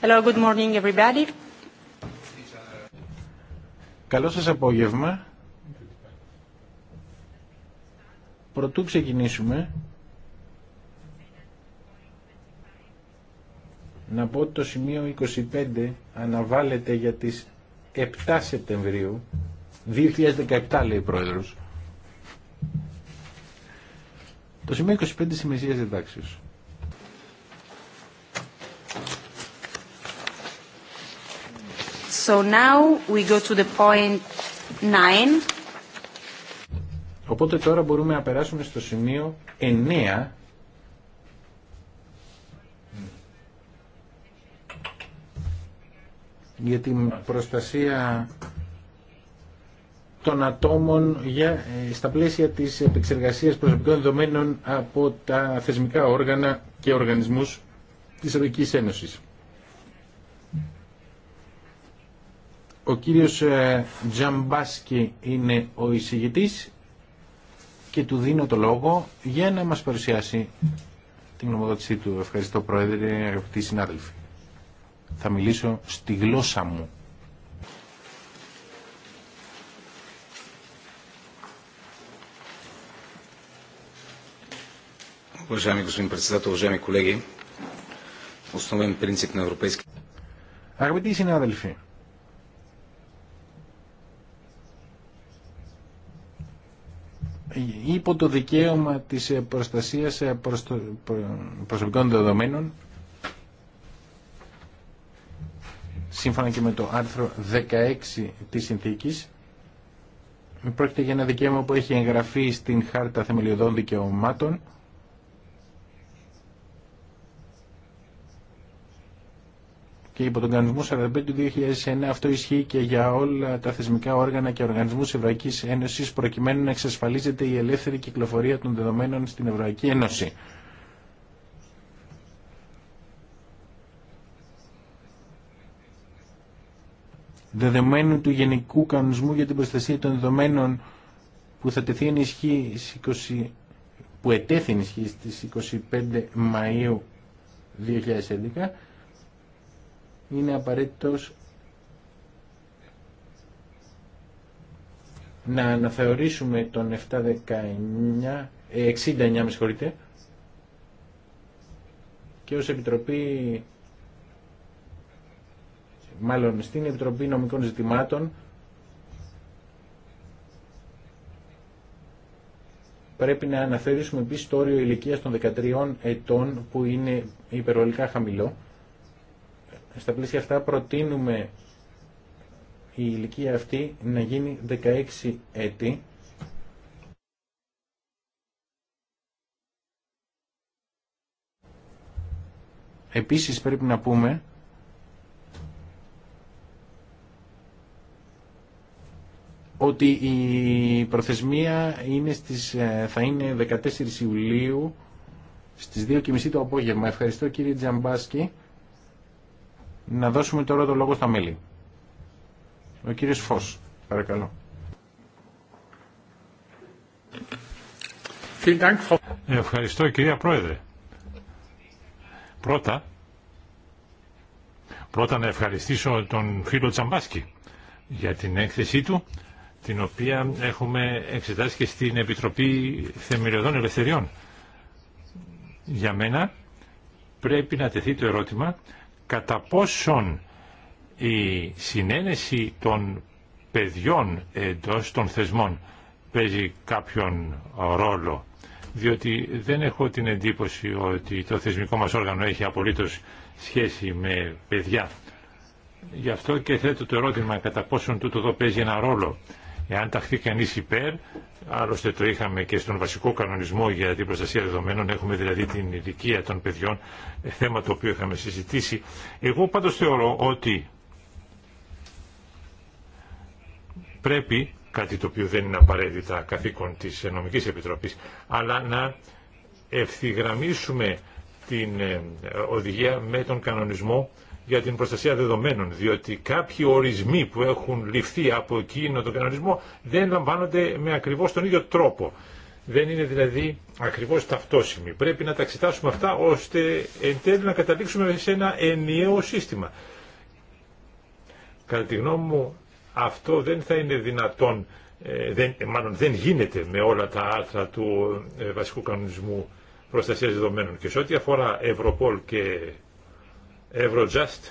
Hello, good morning everybody. Καλό σας απόγευμα. Πρωτού ξεκινήσουμε, να πω ότι το σημείο 25 αναβάλλεται για τις 7 Σεπτεμβρίου 2017 λέει ο Πρόεδρος. Το σημείο 25 της ημεσίας So now we go to the point 9. Οπότε τώρα μπορούμε να περάσουμε στο σημείο 9 για την προστασία των ατόμων για, ε, στα πλαίσια της επεξεργασίας προσωπικών δεδομένων από τα θεσμικά όργανα και οργανισμούς της Ευρωπαϊκής Ένωσης. Ο κύριος ε, Τζαμπάσκι είναι ο εισηγητής και του δίνω το λόγο για να μας παρουσιάσει την γνωμοδότησή του. Ευχαριστώ Πρόεδρε, αγαπητοί συνάδελφοι. Θα μιλήσω στη γλώσσα μου Уважаеми господин председател, уважаеми принцип Αγαπητοί συνάδελφοι, υπό το δικαίωμα της προστασίας προσωπικών δεδομένων σύμφωνα και με το άρθρο 16 της συνθήκης πρόκειται για ένα δικαίωμα που έχει εγγραφεί στην Χάρτα Θεμελιωδών Δικαιωμάτων και υπό τον κανονισμό 45 του 2009 αυτό ισχύει και για όλα τα θεσμικά όργανα και οργανισμούς Ευρωπαϊκής Ένωσης προκειμένου να εξασφαλίζεται η ελεύθερη κυκλοφορία των δεδομένων στην Ευρωπαϊκή Ένωση. δεδομένου του Γενικού Κανονισμού για την Προστασία των Δεδομένων που θα τεθεί εν που ετέθη εν ισχύ στις 25 Μαΐου 2011 είναι απαραίτητος να αναθεωρήσουμε τον 7 69 ε, με και ως Επιτροπή, μάλλον στην Επιτροπή Νομικών Ζητημάτων, πρέπει να αναθεωρήσουμε επίσης το όριο ηλικίας των 13 ετών που είναι υπερολικά χαμηλό στα πλαίσια αυτά προτείνουμε η ηλικία αυτή να γίνει 16 έτη. Επίσης πρέπει να πούμε ότι η προθεσμία είναι στις, ε, θα είναι 14 Ιουλίου στις 2.30 το απόγευμα. Ευχαριστώ κύριε Τζαμπάσκη. Να δώσουμε τώρα το λόγο στα μέλη. Ο κύριος Φως, παρακαλώ. Ευχαριστώ κυρία Πρόεδρε. Πρώτα, πρώτα να ευχαριστήσω τον φίλο Τσαμπάσκι για την έκθεσή του, την οποία έχουμε εξετάσει και στην Επιτροπή Θεμελιωδών Ελευθεριών. Για μένα πρέπει να τεθεί το ερώτημα κατά πόσον η συνένεση των παιδιών εντός των θεσμών παίζει κάποιον ρόλο διότι δεν έχω την εντύπωση ότι το θεσμικό μας όργανο έχει απολύτως σχέση με παιδιά. Γι' αυτό και θέτω το ερώτημα κατά πόσον τούτο εδώ παίζει ένα ρόλο. Εάν ταχθεί κανείς υπέρ, άλλωστε το είχαμε και στον βασικό κανονισμό για την προστασία δεδομένων, έχουμε δηλαδή την ηλικία των παιδιών, ε, θέμα το οποίο είχαμε συζητήσει. Εγώ πάντως θεωρώ ότι πρέπει, κάτι το οποίο δεν είναι απαραίτητα καθήκον της Νομικής Επιτροπής, αλλά να ευθυγραμμίσουμε την ε, οδηγία με τον κανονισμό για την προστασία δεδομένων, διότι κάποιοι ορισμοί που έχουν ληφθεί από εκείνο τον κανονισμό δεν λαμβάνονται με ακριβώς τον ίδιο τρόπο. Δεν είναι δηλαδή ακριβώς ταυτόσιμοι. Πρέπει να τα εξετάσουμε αυτά ώστε εν τέλει να καταλήξουμε σε ένα ενιαίο σύστημα. Κατά τη γνώμη μου αυτό δεν θα είναι δυνατόν, ε, δεν, μάλλον δεν γίνεται με όλα τα άρθρα του ε, βασικού κανονισμού προστασίας δεδομένων. Και σε ό,τι αφορά Ευρωπόλ και Eurojust,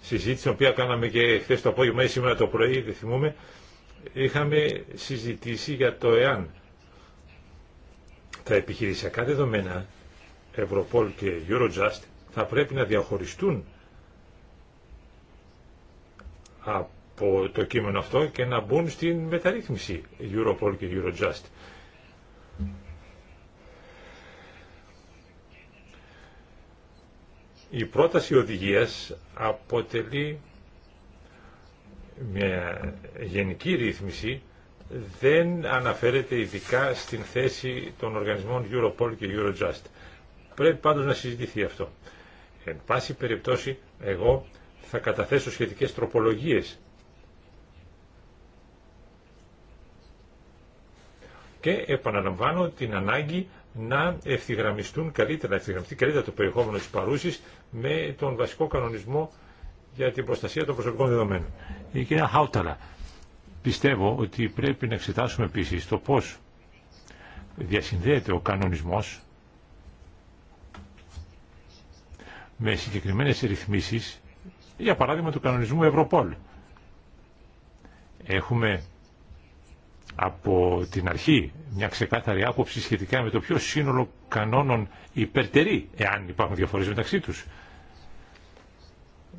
συζήτηση την οποία κάναμε και χθε το απόγευμα ή σήμερα το πρωί, δεν θυμούμε, είχαμε συζητήσει για το εάν τα επιχειρησιακά δεδομένα Ευρωπόλ και Eurojust θα πρέπει να διαχωριστούν από το κείμενο αυτό και να μπουν στην μεταρρύθμιση Europol και Eurojust. Η πρόταση οδηγίας αποτελεί μια γενική ρύθμιση, δεν αναφέρεται ειδικά στην θέση των οργανισμών Europol και Eurojust. Πρέπει πάντως να συζητηθεί αυτό. Εν πάση περιπτώσει, εγώ θα καταθέσω σχετικές τροπολογίες και επαναλαμβάνω την ανάγκη να ευθυγραμμιστούν καλύτερα, να ευθυγραμμιστεί καλύτερα το περιεχόμενο της παρούσης με τον βασικό κανονισμό για την προστασία των προσωπικών δεδομένων. Η κυρία Χάουταλα, πιστεύω ότι πρέπει να εξετάσουμε επίση το πώς διασυνδέεται ο κανονισμός με συγκεκριμένες ρυθμίσεις, για παράδειγμα του κανονισμού Ευρωπόλ. Έχουμε από την αρχή μια ξεκάθαρη άποψη σχετικά με το ποιο σύνολο κανόνων υπερτερεί, εάν υπάρχουν διαφορές μεταξύ τους.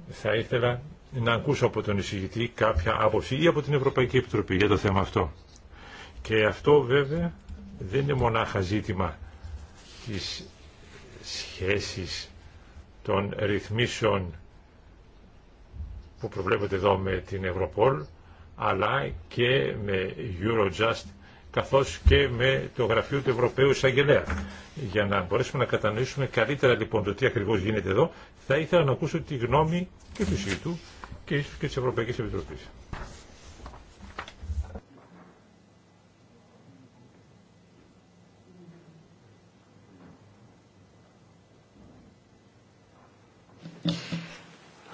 Θα ήθελα να ακούσω από τον εισηγητή κάποια άποψη ή από την Ευρωπαϊκή Επιτροπή για το θέμα αυτό. Και αυτό βέβαια δεν είναι μονάχα ζήτημα της σχέσης των ρυθμίσεων που προβλέπονται εδώ με την Ευρωπόλ, αλλά και με Eurojust καθώς και με το γραφείο του Ευρωπαίου Εισαγγελέα. Για να μπορέσουμε να κατανοήσουμε καλύτερα λοιπόν το τι ακριβώς γίνεται εδώ, θα ήθελα να ακούσω τη γνώμη και του ΣΥΤΟΥ και ίσως και της Ευρωπαϊκής Επιτροπής.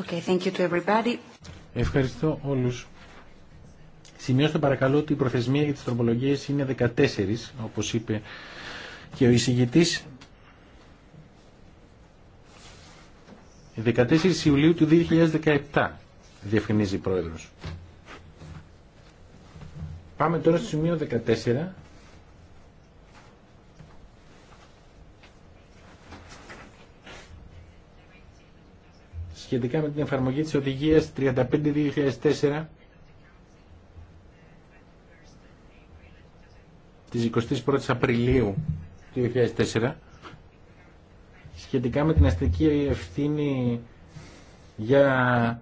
Okay, thank you to everybody. Ευχαριστώ όλους. Σημειώστε παρακαλώ ότι η προθεσμία για τις τροπολογίες είναι 14, όπως είπε και ο εισηγητής. 14 Ιουλίου του 2017, διευκρινίζει η Πρόεδρος. Πάμε τώρα στο σημείο 14. σχετικά με την εφαρμογή της οδηγίας 35-2004 της 21ης Απριλίου 2004 σχετικά με την αστική ευθύνη για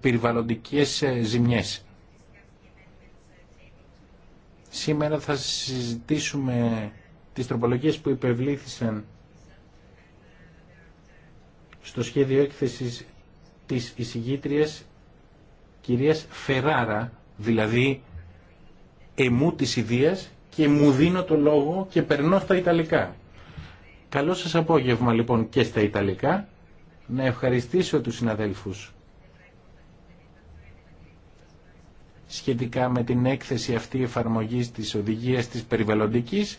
περιβαλλοντικές ε, ζημιές. Σήμερα θα συζητήσουμε τις τροπολογίες που υπευλήθησαν στο σχέδιο έκθεσης της εισηγήτριας κυρίας Φεράρα, δηλαδή εμού της ιδία και μου δίνω το λόγο και περνώ στα Ιταλικά. Καλό σας απόγευμα λοιπόν και στα Ιταλικά. Να ευχαριστήσω τους συναδέλφους σχετικά με την έκθεση αυτή εφαρμογής της οδηγίας της περιβαλλοντικής.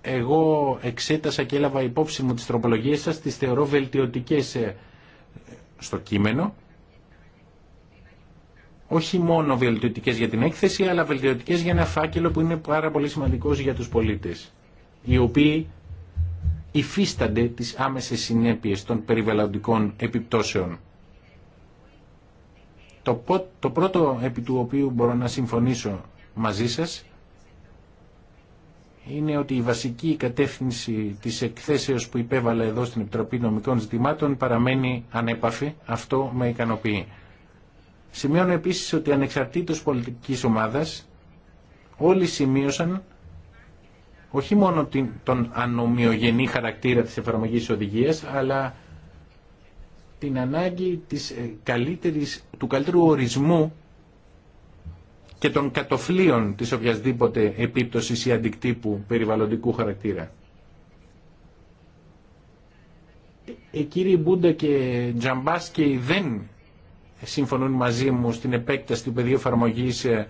Εγώ εξέτασα και έλαβα υπόψη μου τις τροπολογίες σας, τις θεωρώ βελτιωτικές ε, στο κείμενο όχι μόνο βελτιωτικές για την έκθεση, αλλά βελτιωτικές για ένα φάκελο που είναι πάρα πολύ σημαντικός για τους πολίτες, οι οποίοι υφίστανται τις άμεσες συνέπειες των περιβαλλοντικών επιπτώσεων. Το, πρώτο επί του οποίου μπορώ να συμφωνήσω μαζί σας είναι ότι η βασική κατεύθυνση της εκθέσεως που υπέβαλα εδώ στην Επιτροπή Νομικών Ζητημάτων παραμένει ανέπαφη. Αυτό με ικανοποιεί. Σημειώνω επίσης ότι ανεξαρτήτως πολιτικής ομάδας όλοι σημείωσαν όχι μόνο τον ανομοιογενή χαρακτήρα της εφαρμογής της αλλά την ανάγκη της ε, καλύτερης, του καλύτερου ορισμού και των κατοφλίων της οποιασδήποτε επίπτωσης ή αντικτύπου περιβαλλοντικού χαρακτήρα. Ε, κύριοι Μπούντα και Τζαμπάσκι δεν συμφωνούν μαζί μου στην επέκταση του πεδίου εφαρμογή ε,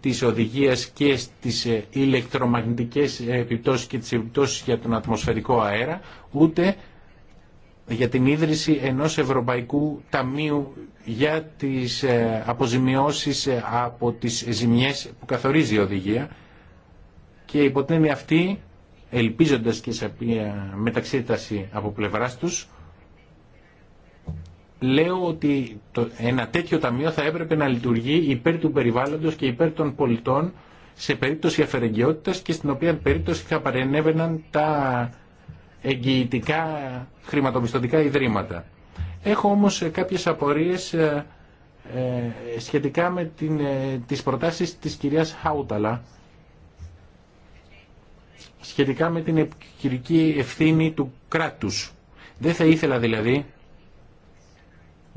της οδηγίας και στις ε, ηλεκτρομαγνητικές ε, επιπτώσεις και τις επιπτώσεις για τον ατμοσφαιρικό αέρα, ούτε για την ίδρυση ενός Ευρωπαϊκού Ταμείου για τις αποζημιώσεις από τις ζημιές που καθορίζει η οδηγία και υποτείνει αυτή, ελπίζοντας και σε μεταξύταση από πλευράς τους, λέω ότι το, ένα τέτοιο ταμείο θα έπρεπε να λειτουργεί υπέρ του περιβάλλοντος και υπέρ των πολιτών σε περίπτωση αφαιρεγγιότητας και στην οποία περίπτωση θα παρενέβαιναν τα εγγυητικά χρηματοπιστωτικά ιδρύματα. Έχω όμως κάποιες απορίες ε, ε, σχετικά με την, ε, τις προτάσεις της κυρίας Χάουταλα σχετικά με την επικυρική ευθύνη του κράτους. Δεν θα ήθελα δηλαδή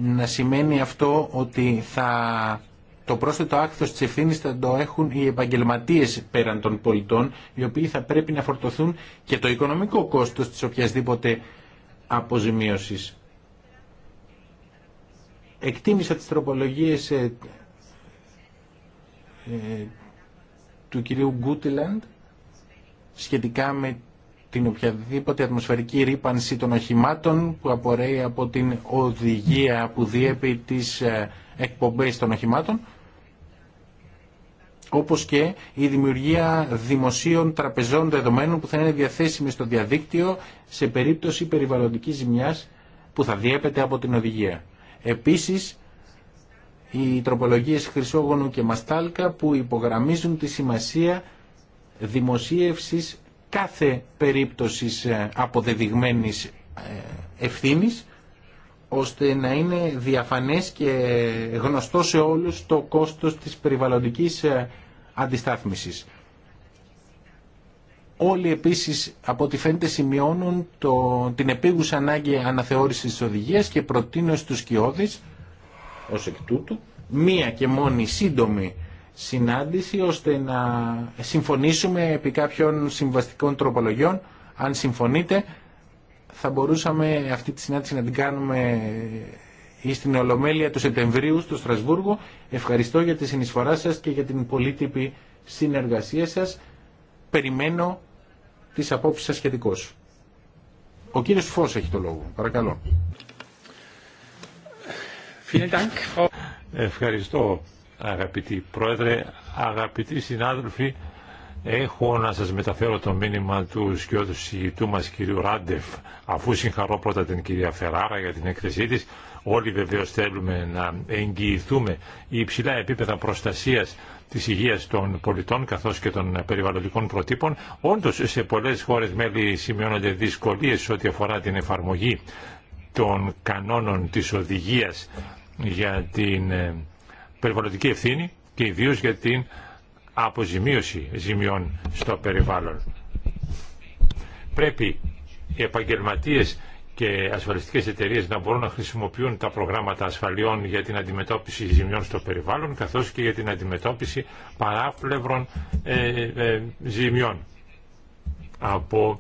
να σημαίνει αυτό ότι θα το πρόσθετο άκθος της ευθύνη θα το έχουν οι επαγγελματίες πέραν των πολιτών, οι οποίοι θα πρέπει να φορτωθούν και το οικονομικό κόστος της οποιασδήποτε αποζημίωσης. Εκτίμησα τις τροπολογίες ε, ε, του κυρίου Γκούτιλαντ σχετικά με την οποιαδήποτε ατμοσφαιρική ρήπανση των οχημάτων που απορρέει από την οδηγία που διέπει τις ε, εκπομπές των οχημάτων όπως και η δημιουργία δημοσίων τραπεζών δεδομένων που θα είναι διαθέσιμες στο διαδίκτυο σε περίπτωση περιβαλλοντικής ζημιάς που θα διέπεται από την οδηγία. Επίσης, οι τροπολογίες Χρυσόγονου και Μαστάλκα που υπογραμμίζουν τη σημασία δημοσίευσης κάθε περίπτωσης ε, αποδεδειγμένης ε, ευθύνης ώστε να είναι διαφανές και γνωστό σε όλους το κόστος της περιβαλλοντικής ε, αντιστάθμισης. Όλοι επίσης από ό,τι φαίνεται σημειώνουν το, την επίγουσα ανάγκη αναθεώρησης της οδηγίας και προτείνω στους κοιόδης ως εκ τούτου μία και μόνη σύντομη συνάντηση ώστε να συμφωνήσουμε επί κάποιων συμβαστικών τροπολογιών. Αν συμφωνείτε θα μπορούσαμε αυτή τη συνάντηση να την κάνουμε ή στην Ολομέλεια του Σεπτεμβρίου στο Στρασβούργο. Ευχαριστώ για τη συνεισφορά σας και για την πολύτιμη συνεργασία σας. Περιμένω τις απόψεις σας σχετικώς. Ο κύριος Φως έχει το λόγο. Παρακαλώ. Ευχαριστώ Αγαπητοί Πρόεδρε, αγαπητοί συνάδελφοι, έχω να σας μεταφέρω το μήνυμα του σκιώδου συγητού μας κυρίου Ράντεφ, αφού συγχαρώ πρώτα την κυρία Φεράρα για την έκθεσή της. Όλοι βεβαίω θέλουμε να εγγυηθούμε η υψηλά επίπεδα προστασίας της υγείας των πολιτών καθώς και των περιβαλλοντικών προτύπων. Όντως σε πολλές χώρες μέλη σημειώνονται δυσκολίες ό,τι αφορά την εφαρμογή των κανόνων της οδηγίας για την ε, περιβαλλοντική ευθύνη και ιδίω για την αποζημίωση ζημιών στο περιβάλλον. Πρέπει οι επαγγελματίες και ασφαλιστικές εταιρείες να μπορούν να χρησιμοποιούν τα προγράμματα ασφαλιών για την αντιμετώπιση ζημιών στο περιβάλλον καθώς και για την αντιμετώπιση παράπλευρων ε, ε, ζημιών από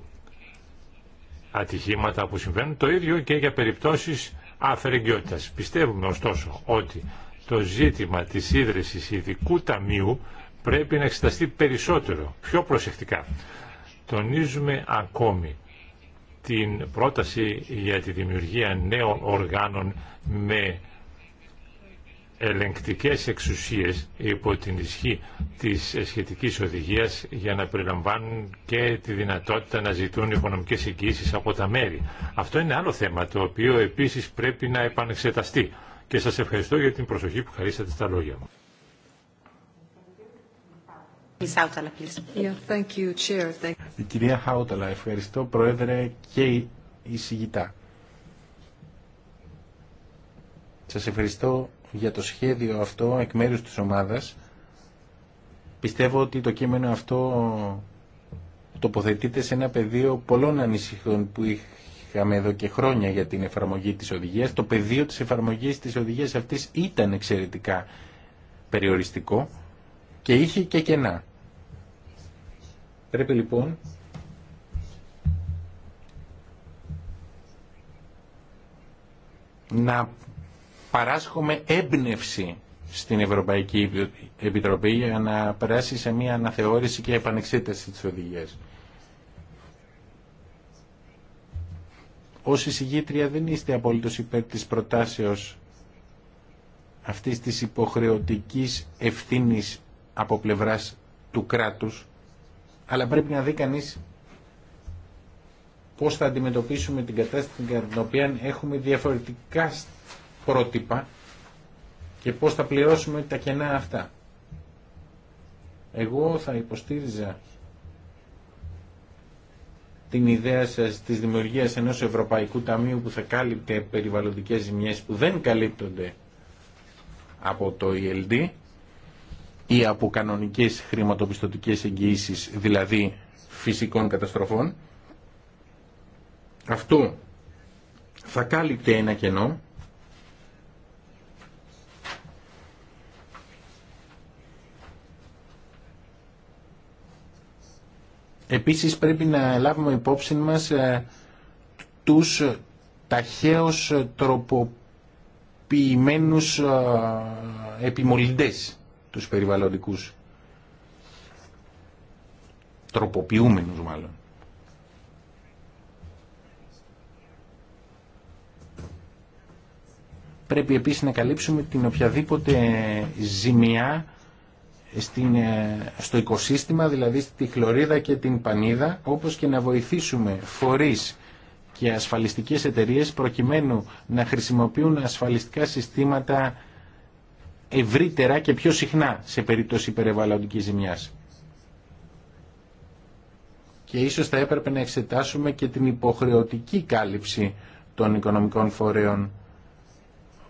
ατυχήματα που συμβαίνουν. Το ίδιο και για περιπτώσεις αφαιρεγγιότητας. Πιστεύουμε ωστόσο ότι το ζήτημα της ίδρυσης ειδικού ταμείου πρέπει να εξεταστεί περισσότερο, πιο προσεκτικά. Τονίζουμε ακόμη την πρόταση για τη δημιουργία νέων οργάνων με ελεγκτικές εξουσίες υπό την ισχύ της σχετικής οδηγίας για να περιλαμβάνουν και τη δυνατότητα να ζητούν οικονομικές εγγύησεις από τα μέρη. Αυτό είναι άλλο θέμα το οποίο επίσης πρέπει να επανεξεταστεί και σας ευχαριστώ για την προσοχή που χαρίσατε στα λόγια μου. Η κυρία Χάουταλα, ευχαριστώ Πρόεδρε και η εισηγητά. Σας ευχαριστώ για το σχέδιο αυτό εκ μέρους της ομάδας. Πιστεύω ότι το κείμενο αυτό τοποθετείται σε ένα πεδίο πολλών ανησυχών που είχαμε εδώ και χρόνια για την εφαρμογή της οδηγίας. Το πεδίο της εφαρμογής της οδηγίας αυτής ήταν εξαιρετικά περιοριστικό και είχε και κενά. Πρέπει λοιπόν να παράσχουμε έμπνευση στην Ευρωπαϊκή Επιτροπή για να περάσει σε μια αναθεώρηση και επανεξέταση της οδηγίας. ως εισηγήτρια δεν είστε απόλυτος υπέρ της προτάσεως αυτής της υποχρεωτικής ευθύνης από πλευράς του κράτους, αλλά πρέπει να δει κανεί πώς θα αντιμετωπίσουμε την κατάσταση κατά την οποία έχουμε διαφορετικά πρότυπα και πώς θα πληρώσουμε τα κενά αυτά. Εγώ θα υποστήριζα την ιδέα σας της δημιουργίας ενός Ευρωπαϊκού Ταμείου που θα κάλυπτε περιβαλλοντικές ζημιές που δεν καλύπτονται από το ELD ή από κανονικές χρηματοπιστωτικές εγγυήσεις, δηλαδή φυσικών καταστροφών. Αυτό θα κάλυπτε ένα κενό Επίσης πρέπει να λάβουμε υπόψη μας ε, τους ταχαίως τροποποιημένους ε, επιμολυντές τους περιβαλλοντικούς τροποποιούμενους μάλλον. Πρέπει επίσης να καλύψουμε την οποιαδήποτε ζημιά ε, στο οικοσύστημα, δηλαδή στη χλωρίδα και την πανίδα, όπως και να βοηθήσουμε φορείς και ασφαλιστικές εταιρείες προκειμένου να χρησιμοποιούν ασφαλιστικά συστήματα ευρύτερα και πιο συχνά σε περίπτωση περιβαλλοντικής ζημιάς. Και ίσως θα έπρεπε να εξετάσουμε και την υποχρεωτική κάλυψη των οικονομικών φορέων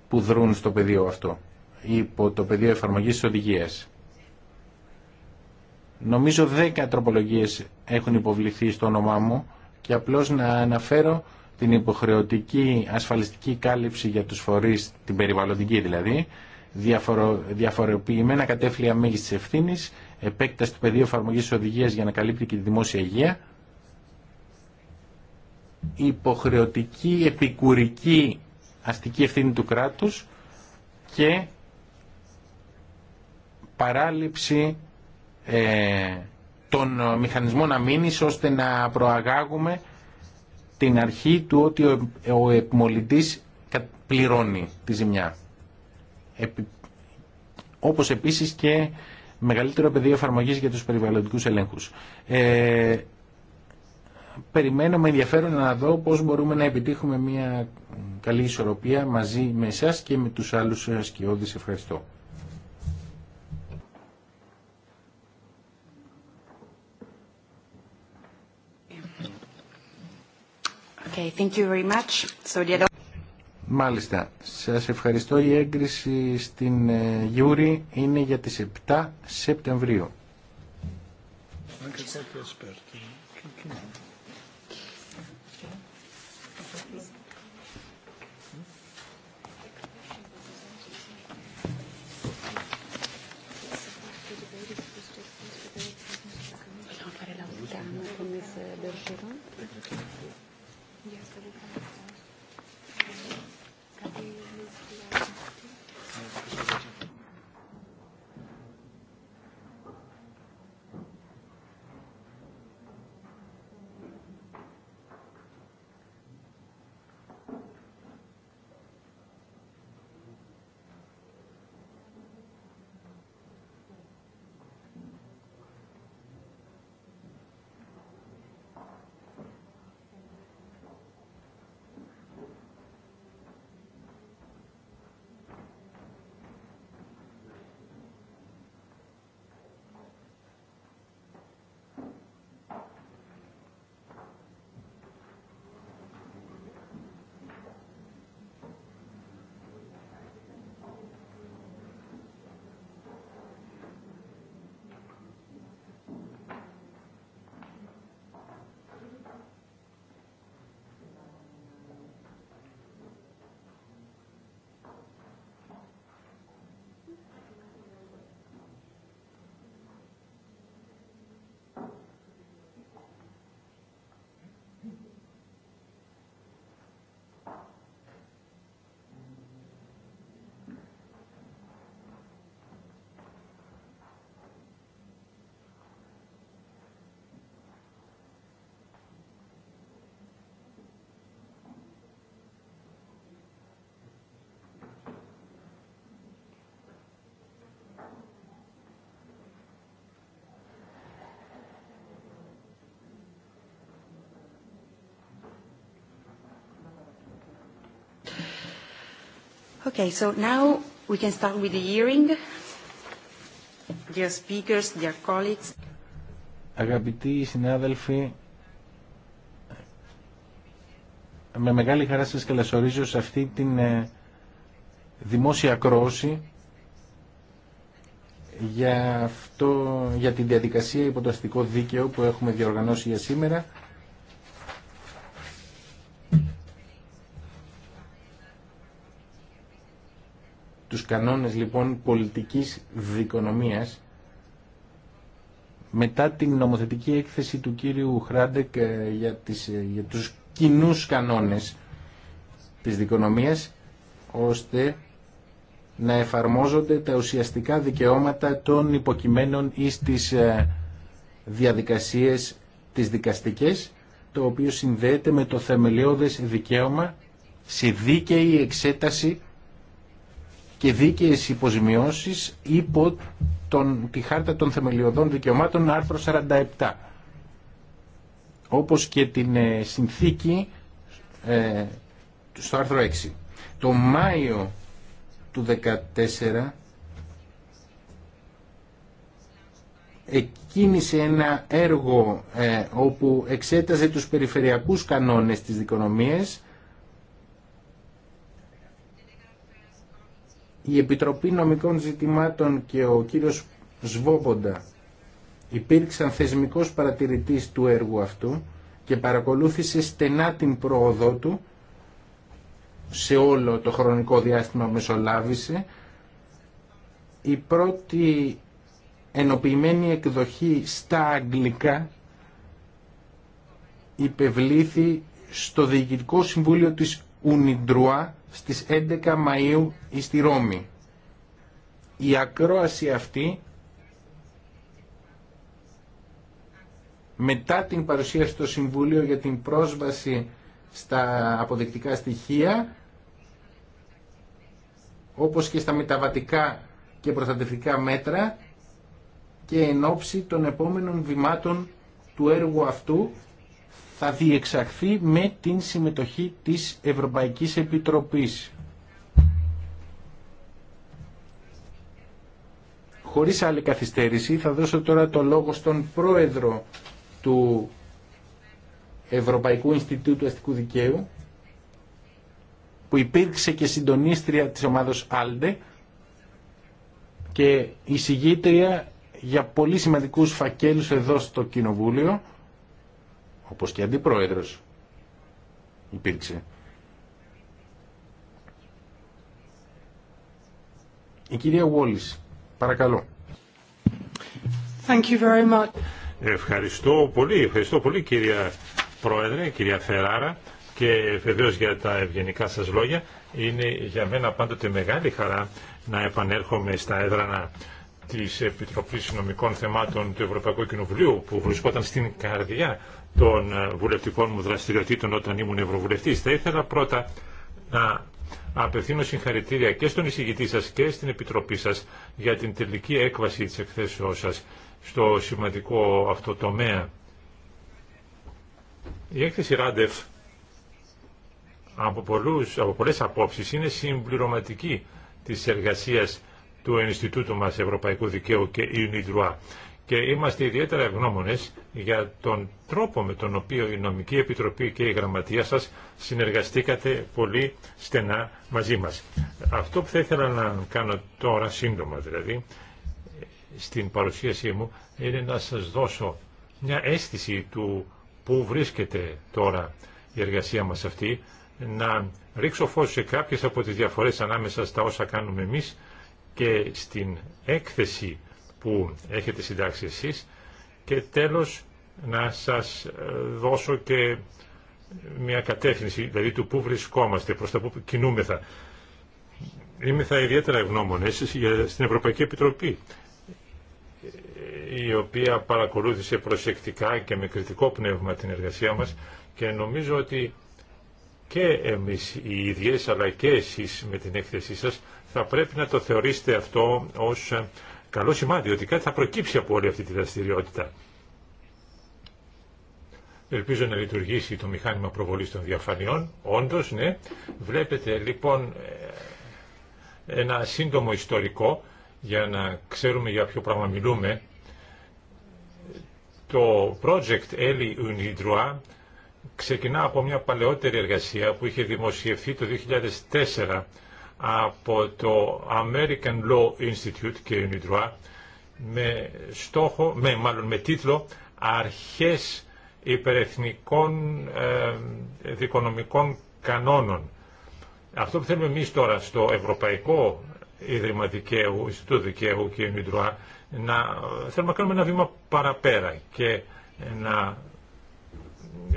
που δρούν στο πεδίο αυτό, υπό το πεδίο εφαρμογής της οδηγίας. Νομίζω 10 τροπολογίες έχουν υποβληθεί στο όνομά μου και απλώς να αναφέρω την υποχρεωτική ασφαλιστική κάλυψη για τους φορείς, την περιβαλλοντική δηλαδή, διαφορο, διαφοροποιημένα κατέφλια μέγιστη ευθύνη, επέκταση του πεδίου εφαρμογή τη οδηγία για να καλύπτει και τη δημόσια υγεία, υποχρεωτική επικουρική αστική ευθύνη του κράτους και παράληψη ε, τον μηχανισμό να μείνει ώστε να προαγάγουμε την αρχή του ότι ο, ο πληρώνει τη ζημιά. Επι, όπως επίσης και μεγαλύτερο πεδίο εφαρμογής για τους περιβαλλοντικούς ελέγχους. Ε, περιμένω με ενδιαφέρον να δω πώς μπορούμε να επιτύχουμε μια καλή ισορροπία μαζί με εσάς και με τους άλλους σκιώδεις. Ευχαριστώ. Μάλιστα, σας ευχαριστώ. Η έγκριση στην ε, Γιούρη είναι για τις 7 Σεπτεμβρίου. Okay, so now we can start with the hearing. Dear speakers, dear Αγαπητοί συνάδελφοι, με μεγάλη χαρά σας καλωσορίζω σε αυτή την ε, δημόσια κρόση για, αυτό, για την διαδικασία υποταστικό δίκαιο που έχουμε διοργανώσει για σήμερα. κανόνες λοιπόν πολιτικής δικονομίας μετά την νομοθετική έκθεση του κύριου Χράντεκ ε, για, τις, ε, για τους κοινού κανόνες της δικονομίας ώστε να εφαρμόζονται τα ουσιαστικά δικαιώματα των υποκειμένων ή στις ε, διαδικασίες τις δικαστικές το οποίο συνδέεται με το θεμελιώδες δικαίωμα σε δίκαιη εξέταση και δίκαιε υποζημιώσει υπό τον, τη Χάρτα των Θεμελιωδών Δικαιωμάτων άρθρο 47 όπως και την ε, συνθήκη ε, στο άρθρο 6. Το Μάιο του 2014 εκκίνησε ένα έργο ε, όπου εξέταζε τους περιφερειακούς κανόνες της δικονομίας η Επιτροπή Νομικών Ζητημάτων και ο κύριος Σβόποντα υπήρξαν θεσμικός παρατηρητής του έργου αυτού και παρακολούθησε στενά την πρόοδό του σε όλο το χρονικό διάστημα που μεσολάβησε. Η πρώτη ενοποιημένη εκδοχή στα αγγλικά υπευλήθη στο Διοικητικό Συμβούλιο της Ουνιντρουά στις 11 Μαΐου στη Ρώμη. Η ακρόαση αυτή μετά την παρουσίαση στο Συμβουλίο για την πρόσβαση στα αποδεκτικά στοιχεία όπως και στα μεταβατικά και προστατευτικά μέτρα και εν ώψη των επόμενων βημάτων του έργου αυτού θα διεξαχθεί με την συμμετοχή της Ευρωπαϊκής Επιτροπής. Χωρίς άλλη καθυστέρηση θα δώσω τώρα το λόγο στον πρόεδρο του Ευρωπαϊκού Ινστιτούτου Αστικού Δικαίου που υπήρξε και συντονίστρια της ομάδος ALDE και εισηγήτρια για πολύ σημαντικούς φακέλους εδώ στο Κοινοβούλιο όπως και αντιπρόεδρος υπήρξε. Η κυρία Βόλης, παρακαλώ. Thank you very much. Ευχαριστώ πολύ, ευχαριστώ πολύ κυρία Πρόεδρε, κυρία Φεράρα και βεβαίω για τα ευγενικά σας λόγια. Είναι για μένα πάντοτε μεγάλη χαρά να επανέρχομαι στα έδρανα της Επιτροπής Νομικών Θεμάτων του Ευρωπαϊκού Κοινοβουλίου που βρισκόταν στην καρδιά των ε, βουλευτικών μου δραστηριοτήτων όταν ήμουν ευρωβουλευτή. Θα ήθελα πρώτα να απευθύνω συγχαρητήρια και στον εισηγητή σα και στην Επιτροπή σα για την τελική έκβαση τη εκθέσεώ σα στο σημαντικό αυτό τομέα. Η έκθεση Ράντεφ από, πολλούς, από πολλές απόψεις είναι συμπληρωματική της εργασίας του Ινστιτούτου μας Ευρωπαϊκού Δικαίου και UNIDROIT και είμαστε ιδιαίτερα ευγνώμονε για τον τρόπο με τον οποίο η Νομική Επιτροπή και η Γραμματεία σας συνεργαστήκατε πολύ στενά μαζί μας. Αυτό που θα ήθελα να κάνω τώρα, σύντομα δηλαδή, στην παρουσίασή μου, είναι να σας δώσω μια αίσθηση του πού βρίσκεται τώρα η εργασία μας αυτή, να ρίξω φως σε κάποιες από τις διαφορέ ανάμεσα στα όσα κάνουμε εμεί και στην έκθεση που έχετε συντάξει εσείς και τέλος να σας ε, δώσω και μια κατεύθυνση, δηλαδή του πού βρισκόμαστε, προς τα πού κινούμεθα. Είμαι θα ιδιαίτερα ευγνώμονες στην Ευρωπαϊκή Επιτροπή, η οποία παρακολούθησε προσεκτικά και με κριτικό πνεύμα την εργασία μας και νομίζω ότι και εμείς οι ίδιες αλλά και εσείς με την έκθεσή σας θα πρέπει να το θεωρήσετε αυτό ως καλό σημάδι ότι κάτι θα προκύψει από όλη αυτή τη δραστηριότητα. Ελπίζω να λειτουργήσει το μηχάνημα προβολής των διαφανειών. Όντως, ναι. Βλέπετε λοιπόν ε, ένα σύντομο ιστορικό για να ξέρουμε για ποιο πράγμα μιλούμε. Το project Eli Unidroa ξεκινά από μια παλαιότερη εργασία που είχε δημοσιευθεί το 2004 από το American Law Institute και UNIDROIT με στόχο, με, μάλλον με τίτλο «Αρχές υπερεθνικών ε, δικονομικών κανόνων». Αυτό που θέλουμε εμείς τώρα στο Ευρωπαϊκό Ίδρυμα Δικαίου, Ινστιτούτο Δικαίου και UNIDROIT να θέλουμε να κάνουμε ένα βήμα παραπέρα και να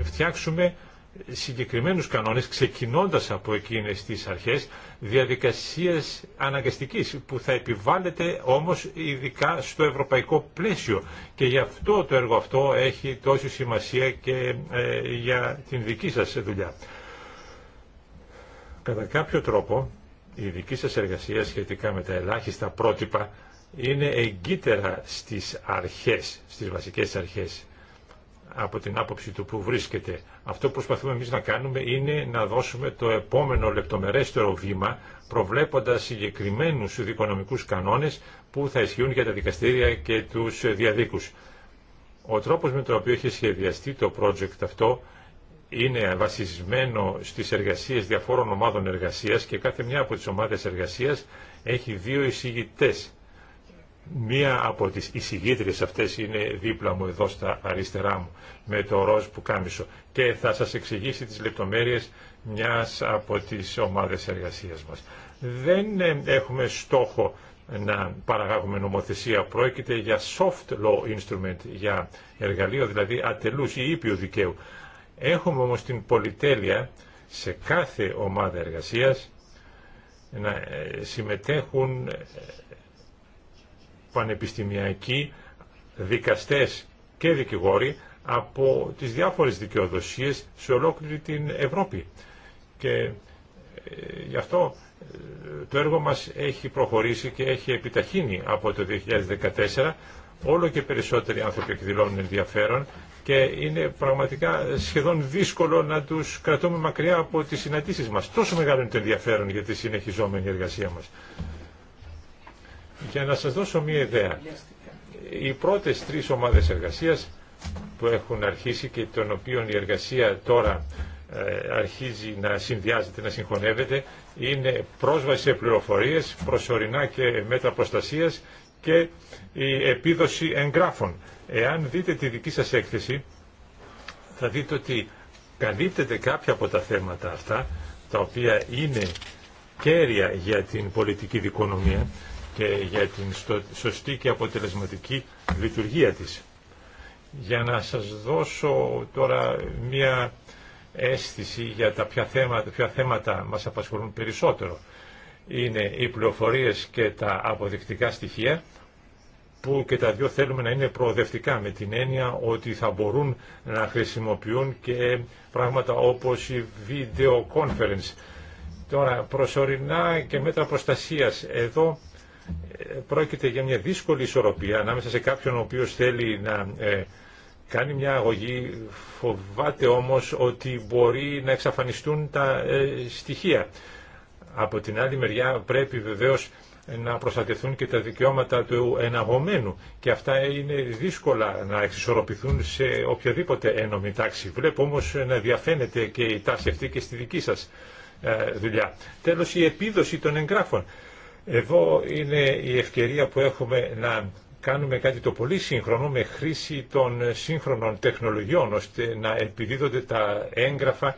φτιάξουμε συγκεκριμένους κανόνες ξεκινώντας από εκείνες τις αρχές διαδικασίας αναγκαστικής που θα επιβάλλεται όμως ειδικά στο ευρωπαϊκό πλαίσιο και γι' αυτό το έργο αυτό έχει τόση σημασία και ε, για την δική σας δουλειά. Κατά κάποιο τρόπο η δική σας εργασία σχετικά με τα ελάχιστα πρότυπα είναι εγκύτερα στις αρχές, στις βασικές αρχές από την άποψη του που βρίσκεται. Αυτό που προσπαθούμε εμείς να κάνουμε είναι να δώσουμε το επόμενο λεπτομερέστερο βήμα προβλέποντας συγκεκριμένους δικονομικούς κανόνες που θα ισχύουν για τα δικαστήρια και τους διαδίκους. Ο τρόπος με τον οποίο έχει σχεδιαστεί το project αυτό είναι βασισμένο στις εργασίες διαφόρων ομάδων εργασίας και κάθε μια από τις ομάδες εργασίας έχει δύο εισηγητές Μία από τις εισηγήτριες αυτές είναι δίπλα μου εδώ στα αριστερά μου με το ροζ που κάμισο και θα σας εξηγήσει τις λεπτομέρειες μιας από τις ομάδες εργασίας μας. Δεν ε, έχουμε στόχο να παραγάγουμε νομοθεσία. Πρόκειται για soft law instrument, για εργαλείο δηλαδή ατελούς ή ήπιου δικαίου. Έχουμε όμως την πολυτέλεια σε κάθε ομάδα εργασίας να ε, συμμετέχουν ε, πανεπιστημιακοί, δικαστές και δικηγόροι από τις διάφορες δικαιοδοσίες σε ολόκληρη την Ευρώπη. Και ε, γι' αυτό ε, το έργο μας έχει προχωρήσει και έχει επιταχύνει από το 2014. Όλο και περισσότεροι άνθρωποι εκδηλώνουν ενδιαφέρον και είναι πραγματικά σχεδόν δύσκολο να τους κρατούμε μακριά από τις συναντήσεις μας. Τόσο μεγάλο είναι το ενδιαφέρον για τη συνεχιζόμενη εργασία μας. Για να σας δώσω μία ιδέα, οι πρώτες τρεις ομάδες εργασίας που έχουν αρχίσει και των οποίων η εργασία τώρα ε, αρχίζει να συνδυάζεται, να συγχωνεύεται, είναι πρόσβαση σε πληροφορίες, προσωρινά και μέτρα και η επίδοση εγγράφων. Εάν δείτε τη δική σας έκθεση, θα δείτε ότι καλύπτεται κάποια από τα θέματα αυτά, τα οποία είναι κέρια για την πολιτική δικονομία, και για την σωστή και αποτελεσματική λειτουργία της. Για να σας δώσω τώρα μία αίσθηση για τα ποια θέματα, ποια θέματα μας απασχολούν περισσότερο. Είναι οι πληροφορίες και τα αποδεικτικά στοιχεία που και τα δύο θέλουμε να είναι προοδευτικά με την έννοια ότι θα μπορούν να χρησιμοποιούν και πράγματα όπως η video conference. Τώρα προσωρινά και μέτρα προστασίας εδώ πρόκειται για μια δύσκολη ισορροπία ανάμεσα σε κάποιον ο οποίος θέλει να ε, κάνει μια αγωγή, φοβάται όμως ότι μπορεί να εξαφανιστούν τα ε, στοιχεία. Από την άλλη μεριά πρέπει βεβαίως να προστατευτούν και τα δικαιώματα του εναγωμένου και αυτά είναι δύσκολα να εξισορροπηθούν σε οποιαδήποτε ένομη τάξη. Βλέπω όμως να διαφαίνεται και η τάση αυτή και στη δική σας ε, δουλειά. Τέλος η επίδοση των εγγράφων. Εδώ είναι η ευκαιρία που έχουμε να κάνουμε κάτι το πολύ σύγχρονο με χρήση των σύγχρονων τεχνολογιών ώστε να επιδίδονται τα έγγραφα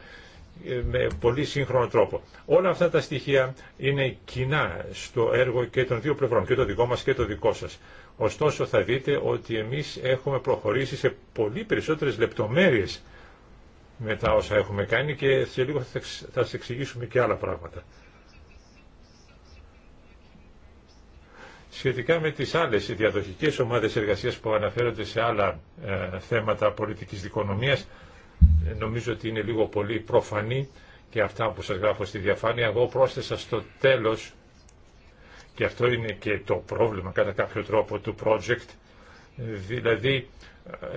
ε, με πολύ σύγχρονο τρόπο. Όλα αυτά τα στοιχεία είναι κοινά στο έργο και των δύο πλευρών, και το δικό μας και το δικό σας. Ωστόσο θα δείτε ότι εμείς έχουμε προχωρήσει σε πολύ περισσότερες λεπτομέρειες με τα όσα έχουμε κάνει και σε λίγο θα σας εξηγήσουμε και άλλα πράγματα. Σχετικά με τις άλλες διαδοχικές ομάδες εργασίας που αναφέρονται σε άλλα ε, θέματα πολιτικής δικονομίας, νομίζω ότι είναι λίγο πολύ προφανή και αυτά που σας γράφω στη διαφάνεια. Εγώ πρόσθεσα στο τέλος, και αυτό είναι και το πρόβλημα κατά κάποιο τρόπο του project, δηλαδή ε,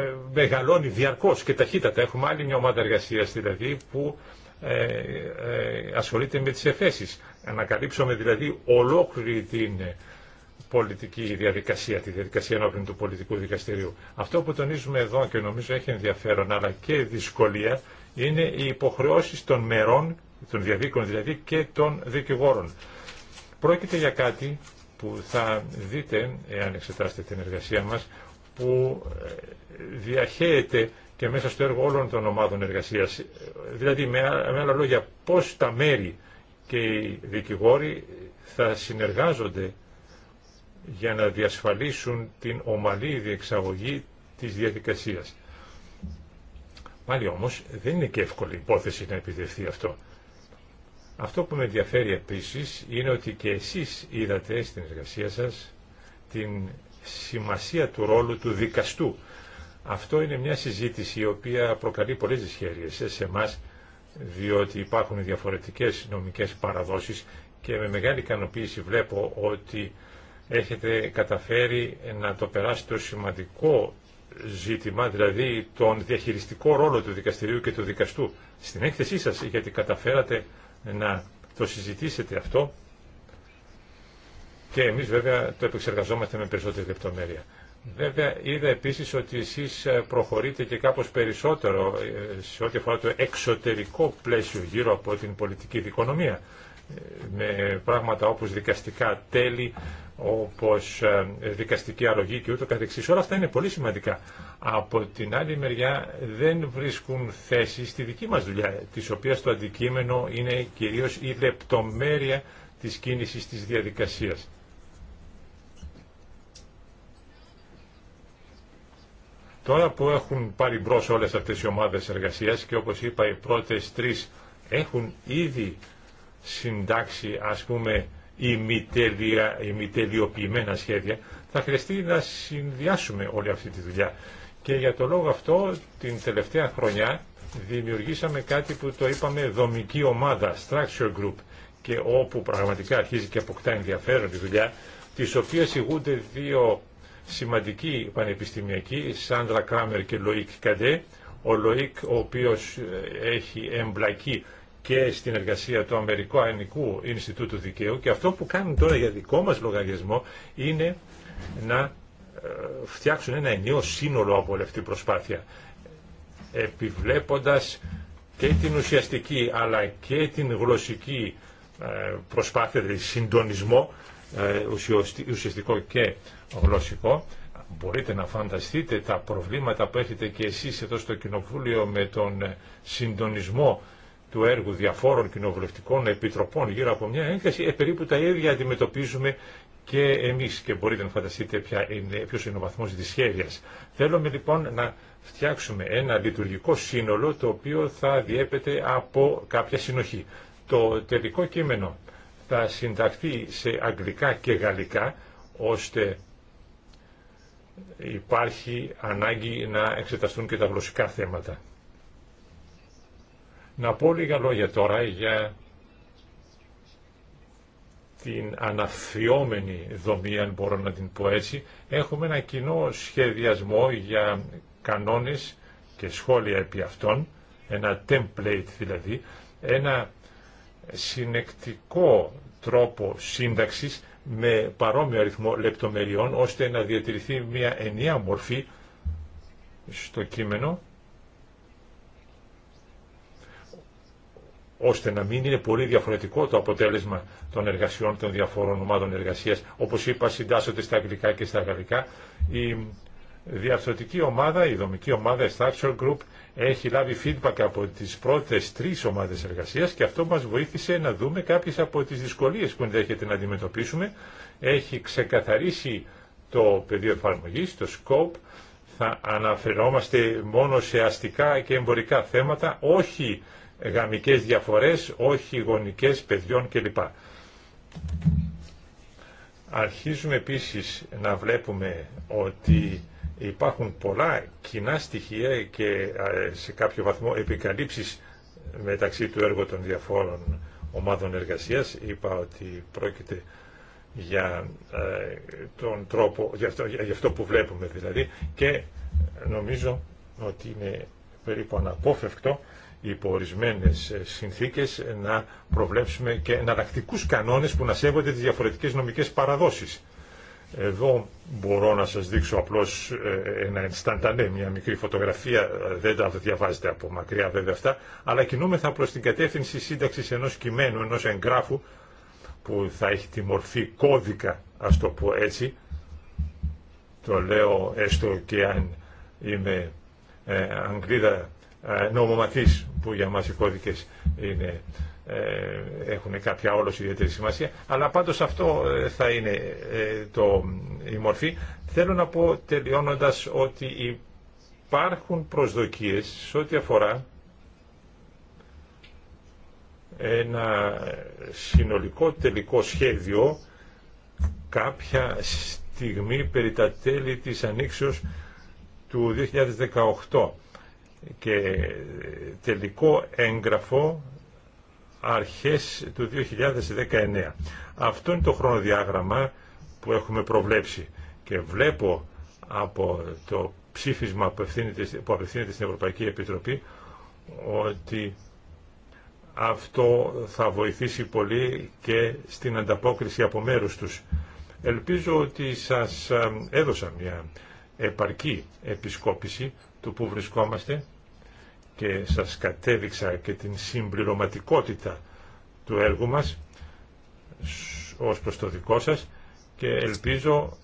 ε, μεγαλώνει διαρκώς και ταχύτατα. Έχουμε άλλη μια ομάδα εργασίας δηλαδή που ε, ε, ασχολείται με τις εφέσεις. Ανακαλύψαμε δηλαδή ολόκληρη την πολιτική διαδικασία, τη διαδικασία ενώπιν του πολιτικού δικαστηρίου. Αυτό που τονίζουμε εδώ και νομίζω έχει ενδιαφέρον αλλά και δυσκολία είναι οι υποχρεώσεις των μερών, των διαδίκων δηλαδή και των δικηγόρων. Πρόκειται για κάτι που θα δείτε, εάν εξετάσετε την εργασία μας, που ε, διαχέεται και μέσα στο έργο όλων των ομάδων εργασία, Δηλαδή, με άλλα λόγια, πώ τα μέρη και οι δικηγόροι θα συνεργάζονται για να διασφαλίσουν την ομαλή διεξαγωγή της διαδικασίας. Πάλι όμως δεν είναι και εύκολη υπόθεση να επιδευτεί αυτό. Αυτό που με ενδιαφέρει επίσης είναι ότι και εσείς είδατε στην εργασία σας την σημασία του ρόλου του δικαστού αυτό είναι μια συζήτηση η οποία προκαλεί πολλές δυσχέρειες σε εμά, διότι υπάρχουν διαφορετικές νομικές παραδόσεις και με μεγάλη ικανοποίηση βλέπω ότι έχετε καταφέρει να το περάσετε το σημαντικό ζήτημα, δηλαδή τον διαχειριστικό ρόλο του δικαστηρίου και του δικαστού στην έκθεσή σας, γιατί καταφέρατε να το συζητήσετε αυτό και εμείς βέβαια το επεξεργαζόμαστε με περισσότερη λεπτομέρεια. Βέβαια, είδα επίσης ότι εσείς ε, προχωρείτε και κάπως περισσότερο ε, σε ό,τι αφορά το εξωτερικό πλαίσιο γύρω από την πολιτική δικονομία ε, με πράγματα όπως δικαστικά τέλη, όπως δικαστική αρρωγή και ούτω καθεξής. Όλα αυτά είναι πολύ σημαντικά. Από την άλλη μεριά δεν βρίσκουν θέση στη δική μας δουλειά, της οποίας το αντικείμενο είναι κυρίως η λεπτομέρεια της κίνησης της διαδικασίας. Τώρα που έχουν πάρει μπρος όλες αυτές οι ομάδες εργασίας και όπως είπα οι πρώτες τρεις έχουν ήδη συντάξει ας πούμε ημιτελειοποιημένα σχέδια, θα χρειαστεί να συνδυάσουμε όλη αυτή τη δουλειά. Και για το λόγο αυτό την τελευταία χρονιά δημιουργήσαμε κάτι που το είπαμε δομική ομάδα, structure group, και όπου πραγματικά αρχίζει και αποκτά ενδιαφέρον τη δουλειά, τις οποίες ηγούνται δύο σημαντική πανεπιστημιακή, Σάντρα Κράμερ και Λοίκ Καντέ, ο Λοίκ ο οποίος ε, έχει εμπλακεί και στην εργασία του Ανικού Ινστιτούτου Δικαίου και αυτό που κάνουν τώρα για δικό μας λογαριασμό είναι να ε, φτιάξουν ένα ενίο σύνολο από όλη αυτή προσπάθεια επιβλέποντας και την ουσιαστική αλλά και την γλωσσική ε, προσπάθεια, δηλαδή συντονισμό ουσιαστικό και γλωσσικό. Μπορείτε να φανταστείτε τα προβλήματα που έχετε και εσείς εδώ στο Κοινοβούλιο με τον συντονισμό του έργου διαφόρων κοινοβουλευτικών επιτροπών γύρω από μια έκθεση, ε, περίπου τα ίδια αντιμετωπίζουμε και εμείς και μπορείτε να φανταστείτε ποια είναι, ποιος είναι ο βαθμός σχέδιας. Θέλουμε λοιπόν να φτιάξουμε ένα λειτουργικό σύνολο το οποίο θα διέπεται από κάποια συνοχή. Το τελικό κείμενο θα συνταχθεί σε αγγλικά και γαλλικά ώστε υπάρχει ανάγκη να εξεταστούν και τα γλωσσικά θέματα. Να πω λίγα λόγια τώρα για την αναφιόμενη δομή, αν μπορώ να την πω έτσι, έχουμε ένα κοινό σχεδιασμό για κανόνες και σχόλια επί αυτών, ένα template δηλαδή, ένα συνεκτικό τρόπο σύνταξης με παρόμοιο αριθμό λεπτομεριών ώστε να διατηρηθεί μια ενιαία μορφή στο κείμενο ώστε να μην είναι πολύ διαφορετικό το αποτέλεσμα των εργασιών των διαφορών ομάδων εργασίας. Όπως είπα, συντάσσονται στα αγγλικά και στα γαλλικά. Η διαρθρωτική ομάδα, η δομική ομάδα, η structure group, έχει λάβει feedback από τις πρώτες τρεις ομάδες εργασίας και αυτό μας βοήθησε να δούμε κάποιες από τις δυσκολίες που ενδέχεται να αντιμετωπίσουμε. Έχει ξεκαθαρίσει το πεδίο εφαρμογής, το scope, θα αναφερόμαστε μόνο σε αστικά και εμπορικά θέματα, όχι γαμικές διαφορές, όχι γονικές παιδιών κλπ. Αρχίζουμε επίσης να βλέπουμε ότι Υπάρχουν πολλά κοινά στοιχεία και ε, σε κάποιο βαθμό επικαλύψεις μεταξύ του έργου των διαφόρων ομάδων εργασίας. Είπα ότι πρόκειται για ε, τον τρόπο, για αυτό, για αυτό που βλέπουμε δηλαδή και νομίζω ότι είναι περίπου αναπόφευκτο υπό ορισμένε ε, συνθήκες να προβλέψουμε και εναλλακτικού κανόνες που να σέβονται τις διαφορετικές νομικές παραδόσεις. Εδώ μπορώ να σας δείξω απλώς ε, ένα ενσταντανέ, μια μικρή φωτογραφία, δεν τα διαβάζετε από μακριά βέβαια αυτά, αλλά κινούμεθα προς την κατεύθυνση σύνταξης ενός κειμένου, ενός εγγράφου, που θα έχει τη μορφή κώδικα, ας το πω έτσι, το λέω έστω και αν είμαι ε, Αγγλίδα ε, που για μας οι κώδικες είναι ε, έχουν κάποια όλο ιδιαίτερη σημασία, αλλά πάντω αυτό ε, θα είναι ε, το, η μορφή. Θέλω να πω τελειώνοντα ότι υπάρχουν προσδοκίες σε ό,τι αφορά ένα συνολικό τελικό σχέδιο κάποια στιγμή περί τα τέλη της ανοίξεως του 2018 και τελικό έγγραφο αρχές του 2019. Αυτό είναι το χρονοδιάγραμμα που έχουμε προβλέψει και βλέπω από το ψήφισμα που απευθύνεται στην Ευρωπαϊκή Επιτροπή ότι αυτό θα βοηθήσει πολύ και στην ανταπόκριση από μέρους τους. Ελπίζω ότι σας ε, έδωσα μια επαρκή επισκόπηση του που βρισκόμαστε και σας κατέδειξα και την συμπληρωματικότητα του έργου μας ως προς το δικό σας και ελπίζω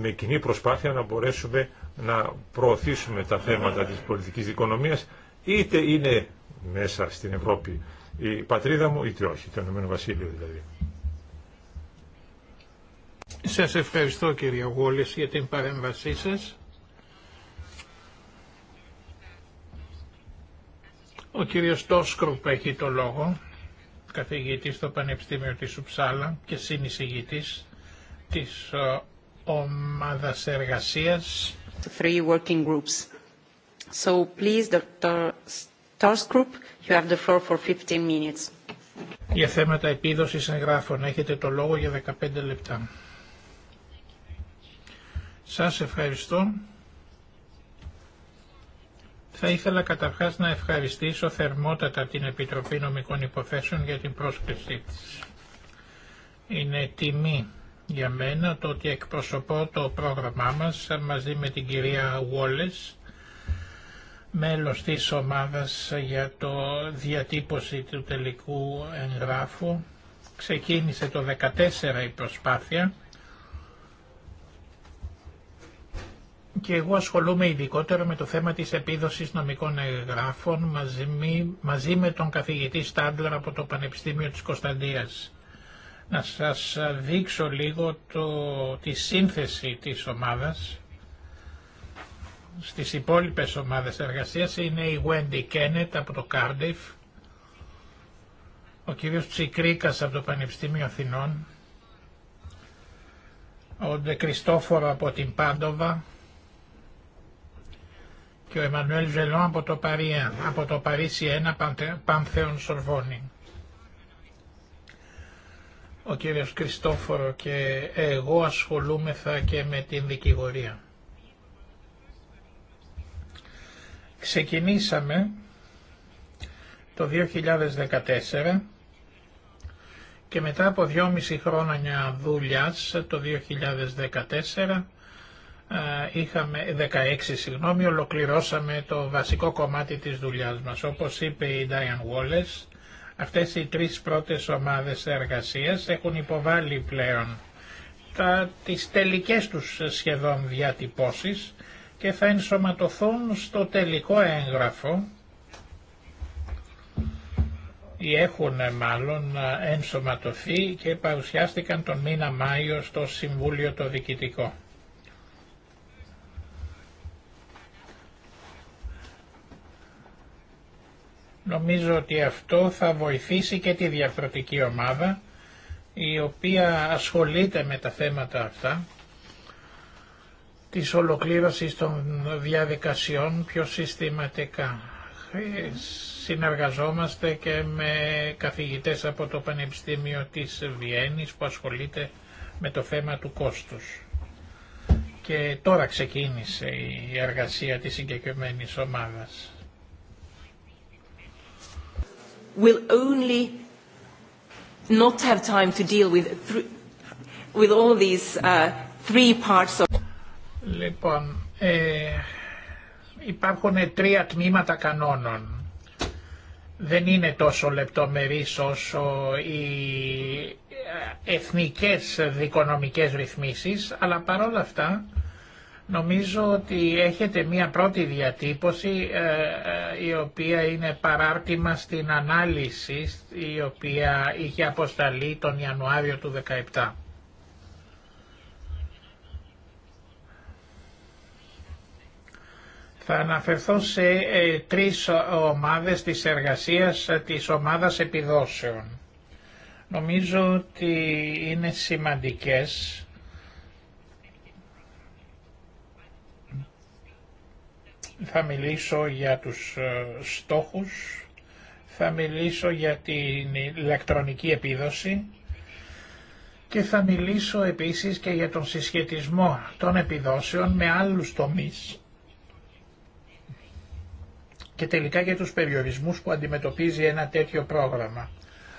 με κοινή προσπάθεια να μπορέσουμε να προωθήσουμε τα θέματα της πολιτικής οικονομίας είτε είναι μέσα στην Ευρώπη η πατρίδα μου είτε όχι, το Ηνωμένο Βασίλειο δηλαδή. Σας ευχαριστώ κύριε Γόλης για την παρέμβασή σας. Ο κύριος Τόσκρουπ έχει το λόγο, καθηγητής στο Πανεπιστήμιο της Ουψάλα και συνεισηγητής της ε, ομάδας εργασίας. Three working groups. So please, Dr. Torsgroup, you have the floor for 15 minutes. Για θέματα επίδοσης εγγράφων έχετε το λόγο για 15 λεπτά. Σας ευχαριστώ. Θα ήθελα καταρχάς να ευχαριστήσω θερμότατα την Επιτροπή Νομικών Υποθέσεων για την πρόσκλησή της. Είναι τιμή για μένα το ότι εκπροσωπώ το πρόγραμμά μας μαζί με την κυρία Wallace, μέλο της ομάδας για το διατύπωση του τελικού εγγράφου. Ξεκίνησε το 2014 η προσπάθεια και εγώ ασχολούμαι ειδικότερα με το θέμα της επίδοσης νομικών εγγράφων μαζί, με τον καθηγητή Στάντλερ από το Πανεπιστήμιο της Κωνσταντίας. Να σας δείξω λίγο το, τη σύνθεση της ομάδας. Στις υπόλοιπες ομάδες εργασίας είναι η Wendy Κένετ από το Cardiff, ο κύριος Τσικρίκας από το Πανεπιστήμιο Αθηνών, ο Κριστόφορο από την Πάντοβα, και ο Εμμανουέλ Ζελόν από το, Παρίσι 1 Πανθέων Σορβόνη. Ο κύριος Κριστόφορο και εγώ ασχολούμεθα και με την δικηγορία. Ξεκινήσαμε το 2014 και μετά από δυόμιση χρόνια δουλειάς το 2014 ε, είχαμε 16 συγγνώμη, ολοκληρώσαμε το βασικό κομμάτι της δουλειάς μας. Όπως είπε η Diane Wallace, αυτές οι τρεις πρώτες ομάδες εργασίας έχουν υποβάλει πλέον τα, τις τελικές τους σχεδόν διατυπώσεις και θα ενσωματωθούν στο τελικό έγγραφο ή έχουν μάλλον ενσωματωθεί και παρουσιάστηκαν τον μήνα Μάιο στο Συμβούλιο το Διοικητικό. Νομίζω ότι αυτό θα βοηθήσει και τη διαφορετική ομάδα η οποία ασχολείται με τα θέματα αυτά της ολοκλήρωσης των διαδικασιών πιο συστηματικά. Συνεργαζόμαστε και με καθηγητές από το Πανεπιστήμιο της Βιέννης που ασχολείται με το θέμα του κόστους. Και τώρα ξεκίνησε η εργασία της συγκεκριμένης ομάδας will only not have time to deal with, with all these uh, three parts of... Λοιπόν, ε, υπάρχουν τρία τμήματα κανόνων. Δεν είναι τόσο λεπτομερής όσο οι ε, εθνικές δικονομικές ρυθμίσεις, αλλά παρόλα αυτά Νομίζω ότι έχετε μία πρώτη διατύπωση ε, ε, η οποία είναι παράρτημα στην ανάλυση η οποία είχε αποσταλεί τον Ιανουάριο του 2017. Θα αναφερθώ σε ε, τρεις ομάδες της εργασίας της ομάδας επιδόσεων. Νομίζω ότι είναι σημαντικές θα μιλήσω για τους ε, στόχους, θα μιλήσω για την ηλεκτρονική επίδοση και θα μιλήσω επίσης και για τον συσχετισμό των επιδόσεων με άλλους τομείς και τελικά για τους περιορισμούς που αντιμετωπίζει ένα τέτοιο πρόγραμμα.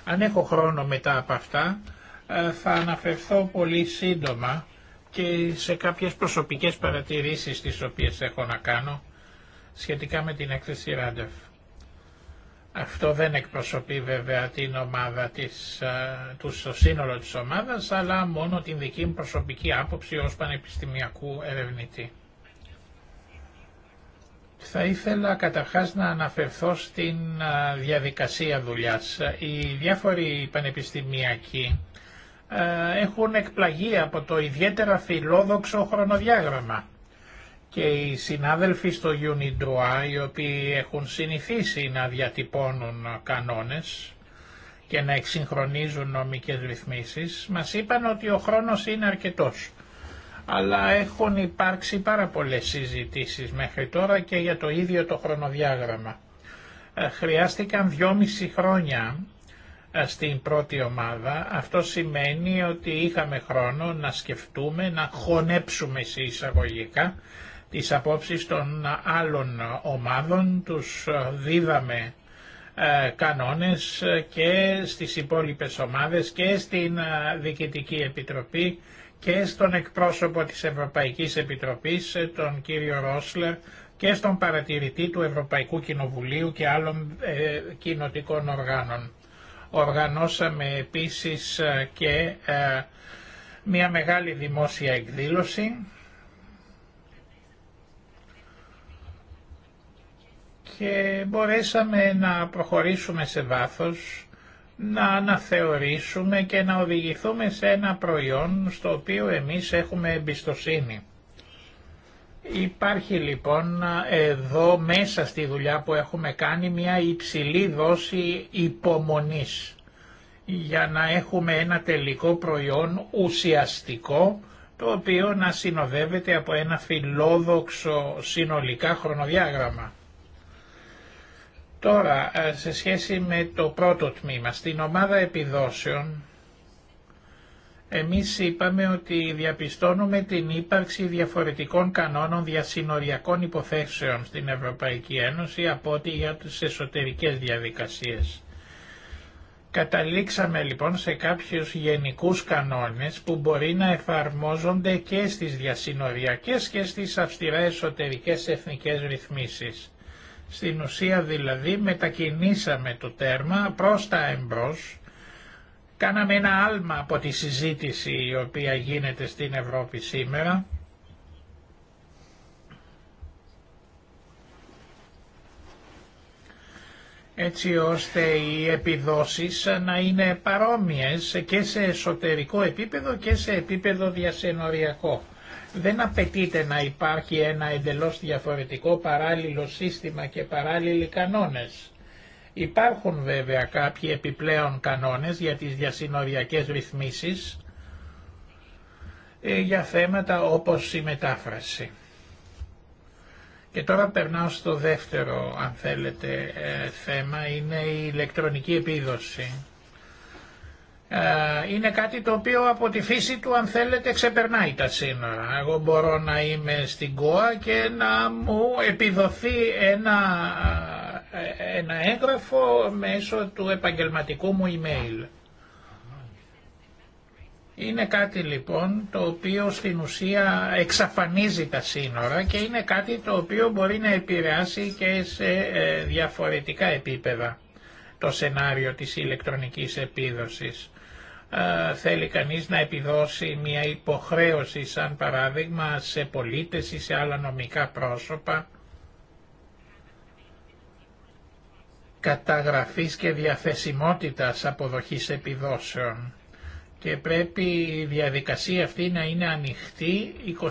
Αν έχω χρόνο μετά από αυτά, ε, θα αναφερθώ πολύ σύντομα και σε κάποιες προσωπικές παρατηρήσεις τις οποίες έχω να κάνω σχετικά με την έκθεση Ράντεφ. Αυτό δεν εκπροσωπεί βέβαια την ομάδα της, του, στο σύνολο της ομάδας, αλλά μόνο την δική μου προσωπική άποψη ως πανεπιστημιακού ερευνητή. Θα ήθελα καταρχάς να αναφερθώ στην διαδικασία δουλειάς. Οι διάφοροι πανεπιστημιακοί έχουν εκπλαγεί από το ιδιαίτερα φιλόδοξο χρονοδιάγραμμα και οι συνάδελφοι στο UNIDROIT οι οποίοι έχουν συνηθίσει να διατυπώνουν κανόνες και να εξυγχρονίζουν νομικές ρυθμίσεις μας είπαν ότι ο χρόνος είναι αρκετός. Αλλά έχουν υπάρξει πάρα πολλές συζητήσεις μέχρι τώρα και για το ίδιο το χρονοδιάγραμμα. Ε, χρειάστηκαν δυόμιση χρόνια ε, στην πρώτη ομάδα. Αυτό σημαίνει ότι είχαμε χρόνο να σκεφτούμε, να χωνέψουμε σε εισαγωγικά τις απόψεις των άλλων ομάδων, τους δίδαμε ε, κανόνες και στις υπόλοιπες ομάδες και στην ε, Διοικητική Επιτροπή και στον εκπρόσωπο της Ευρωπαϊκής Επιτροπής, ε, τον κύριο Ρόσλερ, και στον παρατηρητή του Ευρωπαϊκού Κοινοβουλίου και άλλων κοινοτικών οργάνων. Οργανώσαμε επίσης και μια μεγάλη δημόσια εκδήλωση και μπορέσαμε να προχωρήσουμε σε βάθος, να αναθεωρήσουμε και να οδηγηθούμε σε ένα προϊόν στο οποίο εμείς έχουμε εμπιστοσύνη. Υπάρχει λοιπόν εδώ μέσα στη δουλειά που έχουμε κάνει μια υψηλή δόση υπομονής για να έχουμε ένα τελικό προϊόν ουσιαστικό το οποίο να συνοδεύεται από ένα φιλόδοξο συνολικά χρονοδιάγραμμα. Τώρα, ε, σε σχέση με το πρώτο τμήμα, στην ομάδα επιδόσεων, εμείς είπαμε ότι διαπιστώνουμε την ύπαρξη διαφορετικών κανόνων διασυνοριακών υποθέσεων στην Ευρωπαϊκή Ένωση από ό,τι για τις εσωτερικές διαδικασίες. Καταλήξαμε λοιπόν σε κάποιους γενικούς κανόνες που μπορεί να εφαρμόζονται και στις διασυνοριακές και στις αυστηρά εσωτερικές εθνικές ρυθμίσεις. Στην ουσία δηλαδή μετακινήσαμε το τέρμα προς τα εμπρός, κάναμε ένα άλμα από τη συζήτηση η οποία γίνεται στην Ευρώπη σήμερα, έτσι ώστε οι επιδόσεις να είναι παρόμοιες και σε εσωτερικό επίπεδο και σε επίπεδο διασενοριακό δεν απαιτείται να υπάρχει ένα εντελώς διαφορετικό παράλληλο σύστημα και παράλληλοι κανόνες. Υπάρχουν βέβαια κάποιοι επιπλέον κανόνες για τις διασυνοριακές ρυθμίσεις ε, για θέματα όπως η μετάφραση. Και τώρα περνάω στο δεύτερο, αν θέλετε, ε, θέμα, είναι η ηλεκτρονική επίδοση. Ε, είναι κάτι το οποίο από τη φύση του αν θέλετε ξεπερνάει τα σύνορα. Εγώ μπορώ να είμαι στην ΚΟΑ και να μου επιδοθεί ένα, ε, ένα έγγραφο μέσω του επαγγελματικού μου email. Είναι κάτι λοιπόν το οποίο στην ουσία εξαφανίζει τα σύνορα και είναι κάτι το οποίο μπορεί να επηρεάσει και σε ε, διαφορετικά επίπεδα το σενάριο της ηλεκτρονικής επίδοσης. Ε, θέλει κανείς να επιδώσει μια υποχρέωση σαν παράδειγμα σε πολίτες ή σε άλλα νομικά πρόσωπα καταγραφής και διαθεσιμότητας αποδοχής επιδόσεων και πρέπει η διαδικασία αυτή να είναι ανοιχτή 24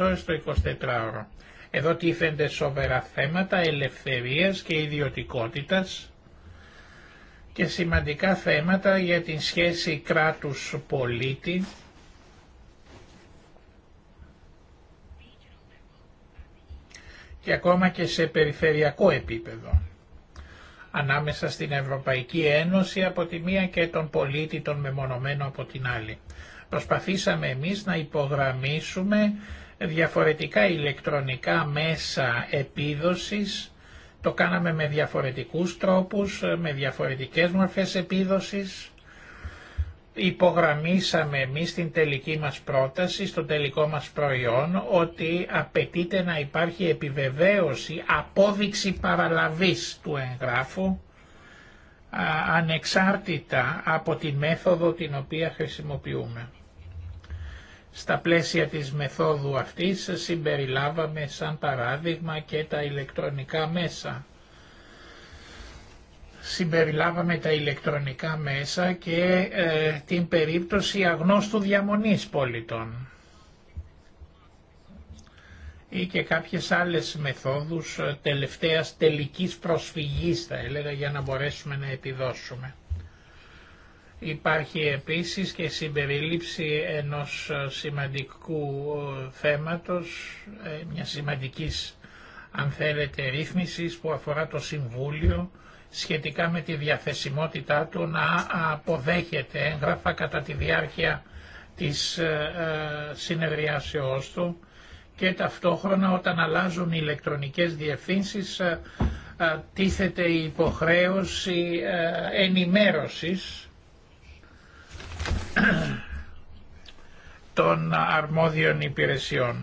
ώρες το 24ωρο. Εδώ τίθενται σοβαρά θέματα ελευθερίας και ιδιωτικότητας και σημαντικά θέματα για την σχέση κράτους-πολίτη και ακόμα και σε περιφερειακό επίπεδο ανάμεσα στην Ευρωπαϊκή Ένωση από τη μία και τον πολίτη τον μεμονωμένο από την άλλη. Προσπαθήσαμε εμείς να υπογραμμίσουμε διαφορετικά ηλεκτρονικά μέσα επίδοσης το κάναμε με διαφορετικούς τρόπους, με διαφορετικές μορφές επίδοσης. Υπογραμμίσαμε εμείς την τελική μας πρόταση, στο τελικό μας προϊόν, ότι απαιτείται να υπάρχει επιβεβαίωση, απόδειξη παραλαβής του εγγράφου, ανεξάρτητα από τη μέθοδο την οποία χρησιμοποιούμε. Στα πλαίσια της μεθόδου αυτής συμπεριλάβαμε σαν παράδειγμα και τα ηλεκτρονικά μέσα. Συμπεριλάβαμε τα ηλεκτρονικά μέσα και ε, την περίπτωση αγνώστου διαμονής πολιτών ή και κάποιες άλλες μεθόδους ε, τελευταίας τελικής προσφυγής θα έλεγα για να μπορέσουμε να επιδώσουμε. Υπάρχει επίσης και συμπερίληψη ενός ε, σημαντικού ε, θέματος, ε, μια σημαντικής αν θέλετε ρύθμισης που αφορά το Συμβούλιο σχετικά με τη διαθεσιμότητά του να αποδέχεται έγγραφα κατά τη διάρκεια της συνεδριάσεώς του και ταυτόχρονα όταν αλλάζουν οι ηλεκτρονικές διευθύνσεις τίθεται η υποχρέωση ενημέρωσης των αρμόδιων υπηρεσιών.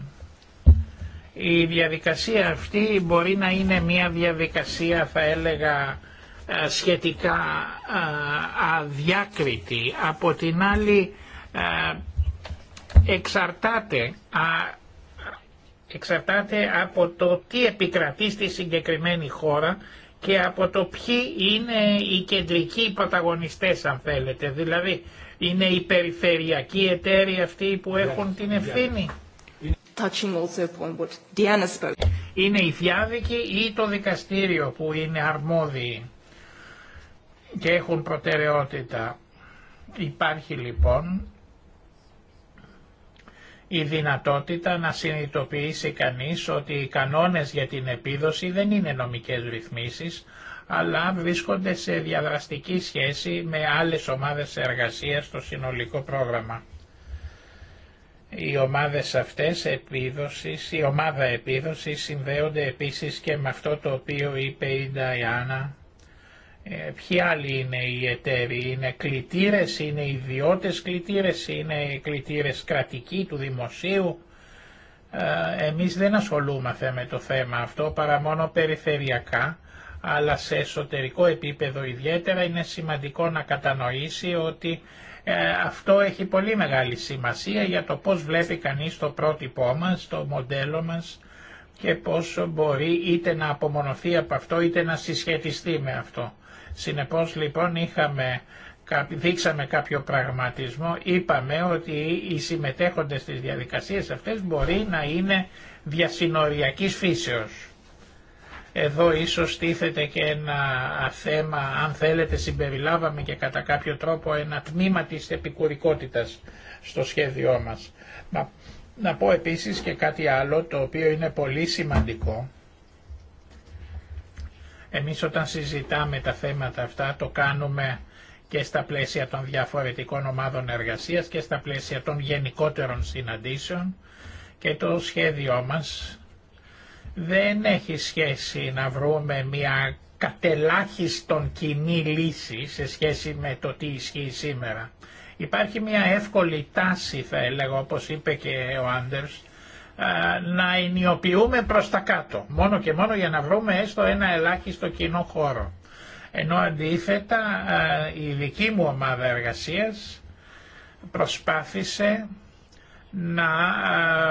Η διαδικασία αυτή μπορεί να είναι μια διαδικασία θα έλεγα ε, σχετικά ε, αδιάκριτη. Από την άλλη ε, εξαρτάται, εξαρτάται από το τι επικρατεί στη συγκεκριμένη χώρα και από το ποιοι είναι οι κεντρικοί πρωταγωνιστές αν θέλετε. Δηλαδή είναι οι περιφερειακοί εταίροι αυτοί που έχουν την ευθύνη. Είναι οι διάδικοι ή το δικαστήριο που είναι αρμόδιοι και έχουν προτεραιότητα. Υπάρχει λοιπόν η δυνατότητα να συνειδητοποιήσει κανείς ότι οι κανόνες για την επίδοση δεν είναι νομικές ρυθμίσεις, αλλά βρίσκονται σε διαδραστική σχέση με άλλες ομάδες εργασίας στο συνολικό πρόγραμμα. Οι ομάδες αυτές επίδοσης, η ομάδα επίδοσης συνδέονται επίσης και με αυτό το οποίο είπε η Νταϊάννα ε, ποιοι άλλοι είναι οι εταίροι, είναι κλητήρε, είναι ιδιώτες κλητήρες, είναι κλητήρες κρατικοί του δημοσίου. Ε, εμείς δεν ασχολούμαστε με το θέμα αυτό παρά μόνο περιφερειακά, αλλά σε εσωτερικό επίπεδο ιδιαίτερα είναι σημαντικό να κατανοήσει ότι ε, αυτό έχει πολύ μεγάλη σημασία για το πώς βλέπει κανείς το πρότυπό μας, το μοντέλο μας και πώς μπορεί είτε να απομονωθεί από αυτό είτε να συσχετιστεί με αυτό. Συνεπώς λοιπόν είχαμε, δείξαμε κάποιο πραγματισμό, είπαμε ότι οι συμμετέχοντες στις διαδικασίες αυτές μπορεί να είναι διασυνοριακής φύσεως. Εδώ ίσως στήθεται και ένα θέμα, αν θέλετε συμπεριλάβαμε και κατά κάποιο τρόπο ένα τμήμα της επικουρικότητας στο σχέδιό μας. Να πω επίσης και κάτι άλλο το οποίο είναι πολύ σημαντικό εμείς όταν συζητάμε τα θέματα αυτά το κάνουμε και στα πλαίσια των διαφορετικών ομάδων εργασίας και στα πλαίσια των γενικότερων συναντήσεων και το σχέδιό μας δεν έχει σχέση να βρούμε μια κατελάχιστον κοινή λύση σε σχέση με το τι ισχύει σήμερα. Υπάρχει μια εύκολη τάση θα έλεγα όπως είπε και ο Άντερς ε, να ενιοποιούμε προς τα κάτω, μόνο και μόνο για να βρούμε έστω ένα ελάχιστο κοινό χώρο. Ενώ αντίθετα ε, η δική μου ομάδα εργασίας προσπάθησε να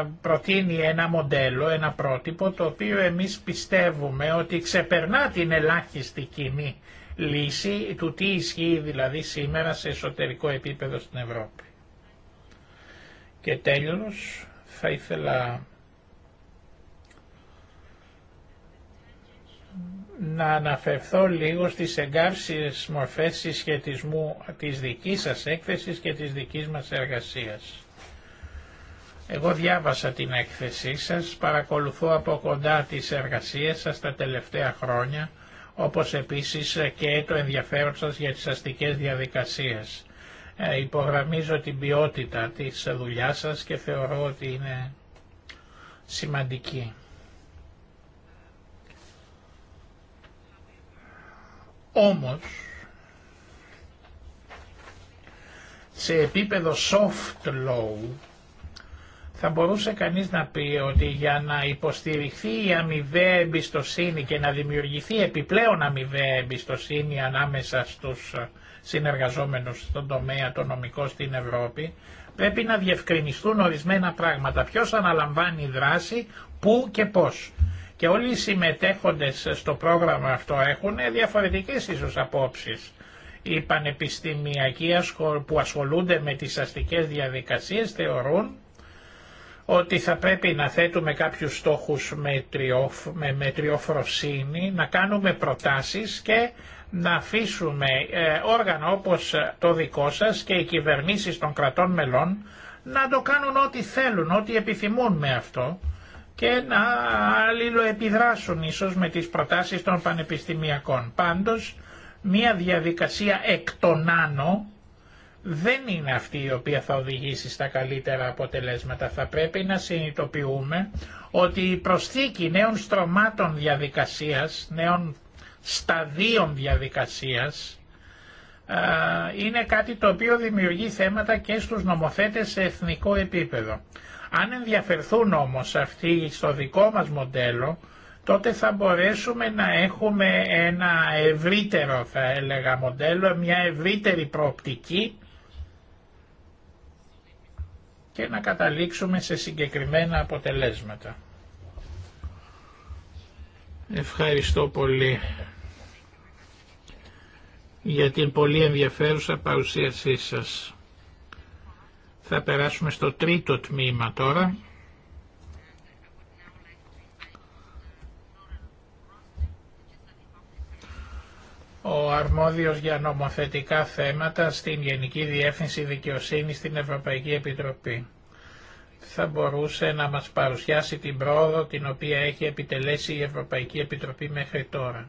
ε, προτείνει ένα μοντέλο, ένα πρότυπο το οποίο εμείς πιστεύουμε ότι ξεπερνά την ελάχιστη κοινή λύση του τι ισχύει δηλαδή σήμερα σε εσωτερικό επίπεδο στην Ευρώπη. Και τέλος, θα ήθελα να αναφερθώ λίγο στις εγκάρσεις μορφές συσχετισμού της δικής σας έκθεσης και της δικής μας εργασίας. Εγώ διάβασα την έκθεσή σας, παρακολουθώ από κοντά τις εργασίες σας τα τελευταία χρόνια, όπως επίσης και το ενδιαφέρον σας για τις αστικές διαδικασίες. Ε, υπογραμμίζω την ποιότητα της δουλειά σας και θεωρώ ότι είναι σημαντική. Όμως, σε επίπεδο soft low, θα μπορούσε κανείς να πει ότι για να υποστηριχθεί η αμοιβαία εμπιστοσύνη και να δημιουργηθεί επιπλέον αμοιβαία εμπιστοσύνη ανάμεσα στους συνεργαζόμενους στον τομέα το νομικό στην Ευρώπη, πρέπει να διευκρινιστούν ορισμένα πράγματα. Ποιος αναλαμβάνει δράση, πού και πώς. Και όλοι οι συμμετέχοντες στο πρόγραμμα αυτό έχουν διαφορετικές ίσως απόψεις. Οι πανεπιστημιακοί που ασχολούνται με τις αστικές διαδικασίες θεωρούν ότι θα πρέπει να θέτουμε κάποιους στόχους με, τριόφ, με να κάνουμε προτάσεις και να αφήσουμε ε, όργανα όπως ε, το δικό σας και οι κυβερνήσεις των κρατών μελών να το κάνουν ό,τι θέλουν, ό,τι επιθυμούν με αυτό και να αλληλοεπιδράσουν ίσως με τις προτάσεις των πανεπιστημιακών. Πάντως, μια διαδικασία εκ των άνω δεν είναι αυτή η οποία θα οδηγήσει στα καλύτερα αποτελέσματα. Θα πρέπει να συνειδητοποιούμε ότι η προσθήκη νέων στρωμάτων διαδικασίας, νέων σταδίων διαδικασίας είναι κάτι το οποίο δημιουργεί θέματα και στους νομοθέτες σε εθνικό επίπεδο. Αν ενδιαφερθούν όμως αυτοί στο δικό μας μοντέλο, τότε θα μπορέσουμε να έχουμε ένα ευρύτερο θα έλεγα μοντέλο, μια ευρύτερη προοπτική και να καταλήξουμε σε συγκεκριμένα αποτελέσματα. Ευχαριστώ πολύ για την πολύ ενδιαφέρουσα παρουσίασή σας. Θα περάσουμε στο τρίτο τμήμα τώρα. ο αρμόδιος για νομοθετικά θέματα στην Γενική Διεύθυνση Δικαιοσύνη στην Ευρωπαϊκή Επιτροπή. Θα μπορούσε να μας παρουσιάσει την πρόοδο την οποία έχει επιτελέσει η Ευρωπαϊκή Επιτροπή μέχρι τώρα.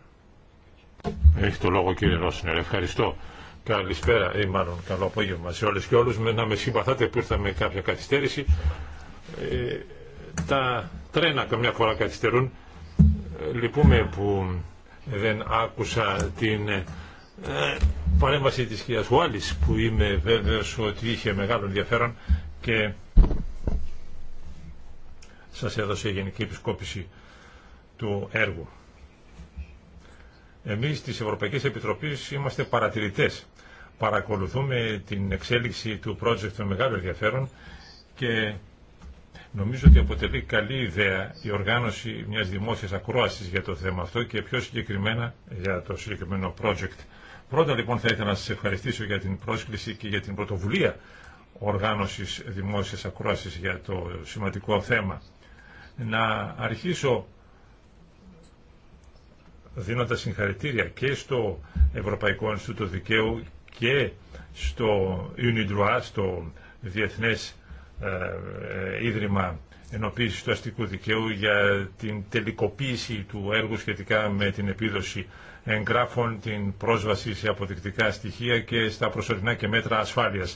Έχει το λόγο κύριε Ρώσνερ. Ευχαριστώ. Καλησπέρα ή μάλλον καλό απόγευμα σε όλες και όλους. Με, να με συμπαθάτε που ήρθαμε κάποια καθυστέρηση. Ε, τα τρένα καμιά φορά καθυστερούν. Ε, λυπούμε που δεν άκουσα την ε, παρέμβαση της κυρίας Γουάλης που είμαι βέβαιος ότι είχε μεγάλο ενδιαφέρον και σας έδωσε η Γενική Επισκόπηση του έργου. Εμείς τη Ευρωπαϊκή Επιτροπή είμαστε παρατηρητές. Παρακολουθούμε την εξέλιξη του project με μεγάλο ενδιαφέρον και νομίζω ότι αποτελεί καλή ιδέα η οργάνωση μιας δημόσιας ακρόαση για το θέμα αυτό και πιο συγκεκριμένα για το συγκεκριμένο project. Πρώτα λοιπόν θα ήθελα να σα ευχαριστήσω για την πρόσκληση και για την πρωτοβουλία οργάνωση δημόσια ακρόαση για το σημαντικό θέμα. Να αρχίσω δίνοντα συγχαρητήρια και στο Ευρωπαϊκό Ινστιτούτο Δικαίου και στο UNIDROIT, στο Διεθνές ε, ε, Ίδρυμα Ενοποίησης του Αστικού Δικαίου για την τελικοποίηση του έργου σχετικά με την επίδοση εγγράφων, την πρόσβαση σε αποδεικτικά στοιχεία και στα προσωρινά και μέτρα ασφάλεια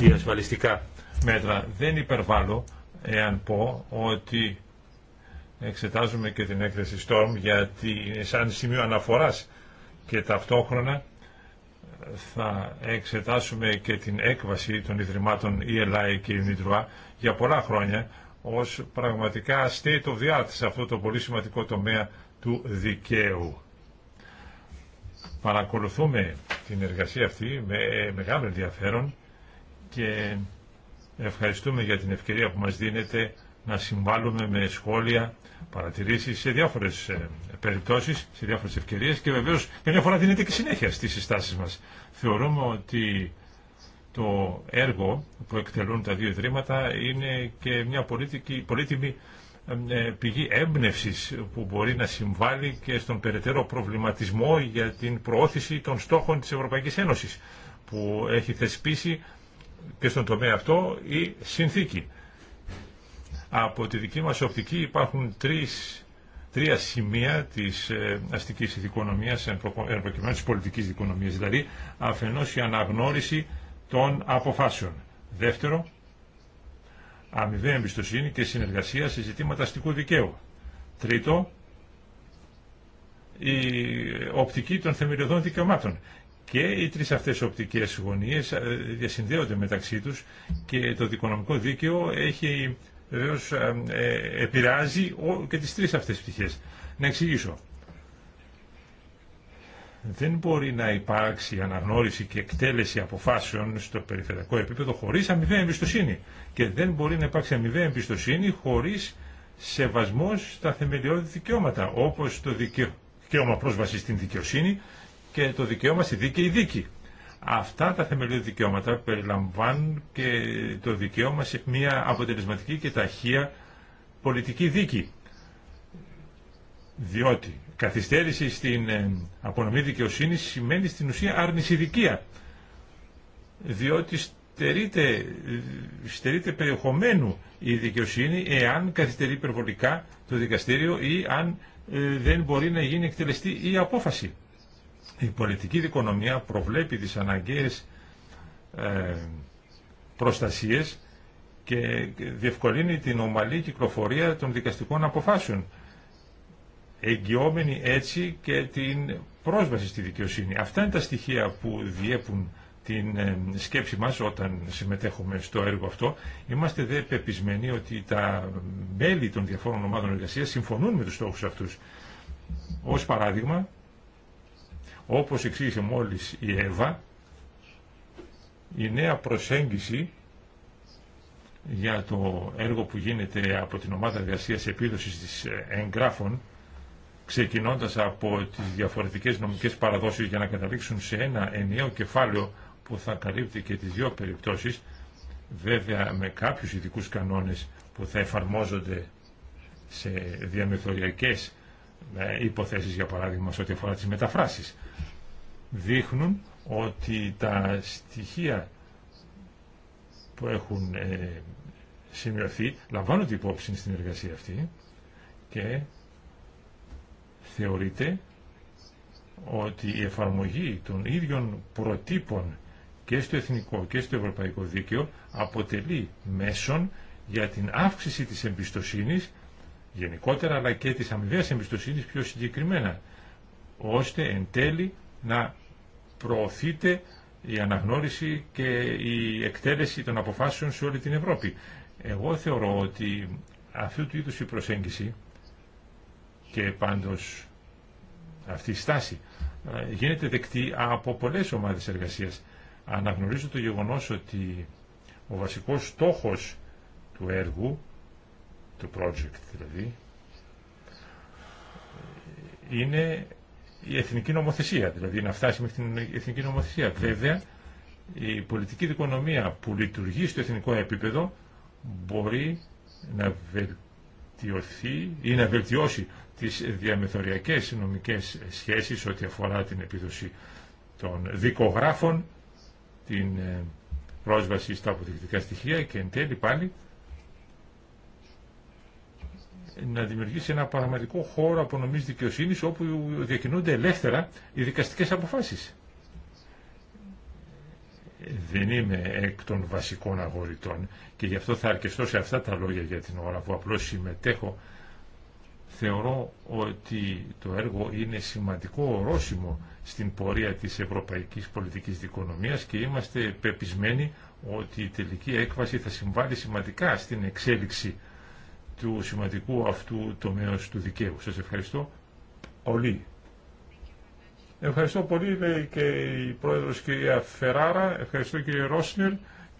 ή ασφαλιστικά μέτρα. Δεν υπερβάλλω εάν πω ότι εξετάζουμε και την έκθεση Storm γιατί είναι σαν σημείο αναφοράς και ταυτόχρονα θα εξετάσουμε και την έκβαση των Ιδρυμάτων ELI και Μητρουά για πολλά χρόνια ως πραγματικά state το the σε αυτό το πολύ σημαντικό τομέα του δικαίου. Παρακολουθούμε την εργασία αυτή με μεγάλο ενδιαφέρον και ευχαριστούμε για την ευκαιρία που μας δίνεται να συμβάλλουμε με σχόλια, παρατηρήσεις σε διάφορες ε, περιπτώσεις, σε διάφορες ευκαιρίες και βεβαίως μια φορά δίνεται και συνέχεια στις συστάσει μας. Θεωρούμε ότι το έργο που εκτελούν τα δύο ιδρύματα είναι και μια πολύτιμη ε, πηγή έμπνευση που μπορεί να συμβάλλει και στον περαιτέρω προβληματισμό για την προώθηση των στόχων της Ευρωπαϊκής Ένωσης που έχει θεσπίσει και στον τομέα αυτό η συνθήκη. Από τη δική μας οπτική υπάρχουν τρεις, τρία σημεία της ε, αστικής εν προκειμένου της πολιτικής οικονομίας, δηλαδή αφενός η αναγνώριση των αποφάσεων. Δεύτερο, αμοιβαία εμπιστοσύνη και συνεργασία σε ζητήματα αστικού δικαίου. Τρίτο, η οπτική των θεμελιωδών δικαιωμάτων. Και οι τρεις αυτές οπτικές γωνίες ε, διασυνδέονται μεταξύ τους και το δικονομικό δίκαιο έχει βεβαίω ε, ε, επηρεάζει και τις τρεις αυτές πτυχές. Να εξηγήσω. Δεν μπορεί να υπάρξει αναγνώριση και εκτέλεση αποφάσεων στο περιφερειακό επίπεδο χωρίς αμοιβαία εμπιστοσύνη. Και δεν μπορεί να υπάρξει αμοιβαία εμπιστοσύνη χωρίς σεβασμό στα θεμελιώδη δικαιώματα, όπως το δικαίωμα πρόσβαση στην δικαιοσύνη και το δικαίωμα στη δίκαιη δίκη. Αυτά τα θεμελιώδη δικαιώματα περιλαμβάνουν και το δικαίωμα σε μια αποτελεσματική και ταχεία πολιτική δίκη. Διότι καθυστέρηση στην ε, απονομή δικαιοσύνη σημαίνει στην ουσία άρνηση δικία. Διότι στερείται, στερείται περιεχομένου η δικαιοσύνη εάν καθυστερεί υπερβολικά το δικαστήριο ή αν ε, δεν μπορεί να γίνει εκτελεστή η απόφαση. Η πολιτική δικονομία προβλέπει τις αναγκαίες ε, προστασίες και διευκολύνει την ομαλή κυκλοφορία των δικαστικών αποφάσεων, εγγυόμενη έτσι και την πρόσβαση στη δικαιοσύνη. Αυτά είναι τα στοιχεία που διέπουν την ε, σκέψη μας όταν συμμετέχουμε στο έργο αυτό. Είμαστε δε πεπισμένοι ότι τα μέλη των διαφόρων ομάδων εργασίας συμφωνούν με τους στόχους αυτούς. Ως παράδειγμα, όπως εξήγησε μόλις η Εύα, η νέα προσέγγιση για το έργο που γίνεται από την ομάδα εργασίας επίδοσης της ε, εγγράφων, ξεκινώντας από τις διαφορετικές νομικές παραδόσεις για να καταλήξουν σε ένα ενιαίο κεφάλαιο που θα καλύπτει και τις δύο περιπτώσεις, βέβαια με κάποιους ειδικούς κανόνες που θα εφαρμόζονται σε διαμεθοριακές ε, υποθέσεις για παράδειγμα σε ό,τι αφορά τις μεταφράσεις δείχνουν ότι τα στοιχεία που έχουν ε, σημειωθεί λαμβάνονται υπόψη στην εργασία αυτή και θεωρείται ότι η εφαρμογή των ίδιων προτύπων και στο εθνικό και στο ευρωπαϊκό δίκαιο αποτελεί μέσον για την αύξηση της εμπιστοσύνης γενικότερα αλλά και της αμοιβαίας εμπιστοσύνης πιο συγκεκριμένα ώστε εν τέλει να προωθείται η αναγνώριση και η εκτέλεση των αποφάσεων σε όλη την Ευρώπη. Εγώ θεωρώ ότι αυτού του είδους η προσέγγιση και πάντως αυτή η στάση ε, γίνεται δεκτή από πολλές ομάδες εργασίας. Αναγνωρίζω το γεγονός ότι ο βασικός στόχος του έργου το project δηλαδή, είναι η εθνική νομοθεσία, δηλαδή να φτάσει μέχρι την εθνική νομοθεσία. Ναι. Βέβαια, η πολιτική δικονομία που λειτουργεί στο εθνικό επίπεδο μπορεί να βελτιωθεί ή να βελτιώσει τις διαμεθοριακές νομικές σχέσεις ό,τι αφορά την επίδοση των δικογράφων, την ε, πρόσβαση στα αποδεικτικά στοιχεία και εν τέλει πάλι να δημιουργήσει ένα πραγματικό χώρο απονομής δικαιοσύνης όπου διακινούνται ελεύθερα οι δικαστικές αποφάσεις. Δεν είμαι εκ των βασικών αγοριτών και γι' αυτό θα αρκεστώ σε αυτά τα λόγια για την ώρα που απλώς συμμετέχω. Θεωρώ ότι το έργο είναι σημαντικό ορόσημο στην πορεία της ευρωπαϊκής πολιτικής δικονομίας και είμαστε πεπισμένοι ότι η τελική έκβαση θα συμβάλλει σημαντικά στην εξέλιξη του σημαντικού αυτού τομέως του δικαίου. Σας ευχαριστώ πολύ. Ευχαριστώ πολύ, λέει και η πρόεδρος κυρία Φεράρα, ευχαριστώ κύριε Ρόσνιλ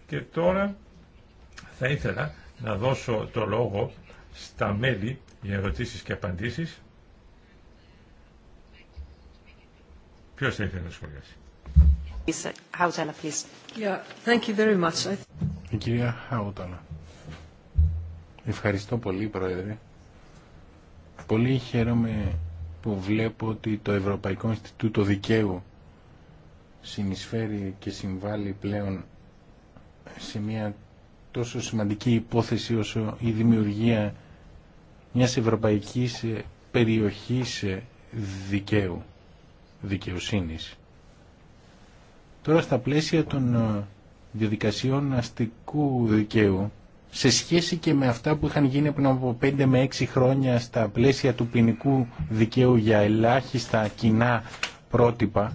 και τώρα θα ήθελα να δώσω το λόγο στα μέλη για ερωτήσεις και απαντήσεις. Ποιος θα ήθελε να σχολιάσει. Η κυρία Χαουτάλα. Ευχαριστώ πολύ, Πρόεδρε. Πολύ χαίρομαι που βλέπω ότι το Ευρωπαϊκό Ινστιτούτο Δικαίου συνεισφέρει και συμβάλλει πλέον σε μια τόσο σημαντική υπόθεση όσο η δημιουργία μιας ευρωπαϊκής περιοχής δικαίου, δικαιοσύνης. Τώρα στα πλαίσια των διαδικασιών αστικού δικαίου σε σχέση και με αυτά που είχαν γίνει πριν από 5 με 6 χρόνια στα πλαίσια του ποινικού δικαίου για ελάχιστα κοινά πρότυπα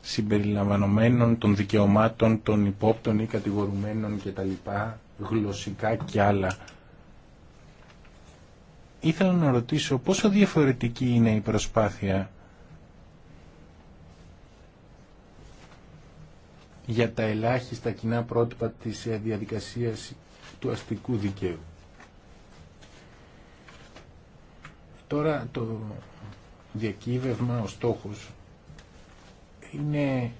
συμπεριλαμβανομένων των δικαιωμάτων των υπόπτων ή κατηγορουμένων κτλ. γλωσσικά και άλλα. Ήθελα να ρωτήσω πόσο διαφορετική είναι η κατηγορουμενων λοιπά, γλωσσικα και αλλα ηθελα να ρωτησω ποσο διαφορετικη ειναι η προσπαθεια για τα ελάχιστα κοινά πρότυπα της ε, διαδικασίας του αστικού δικαίου. Τώρα το διακύβευμα, ο στόχος, είναι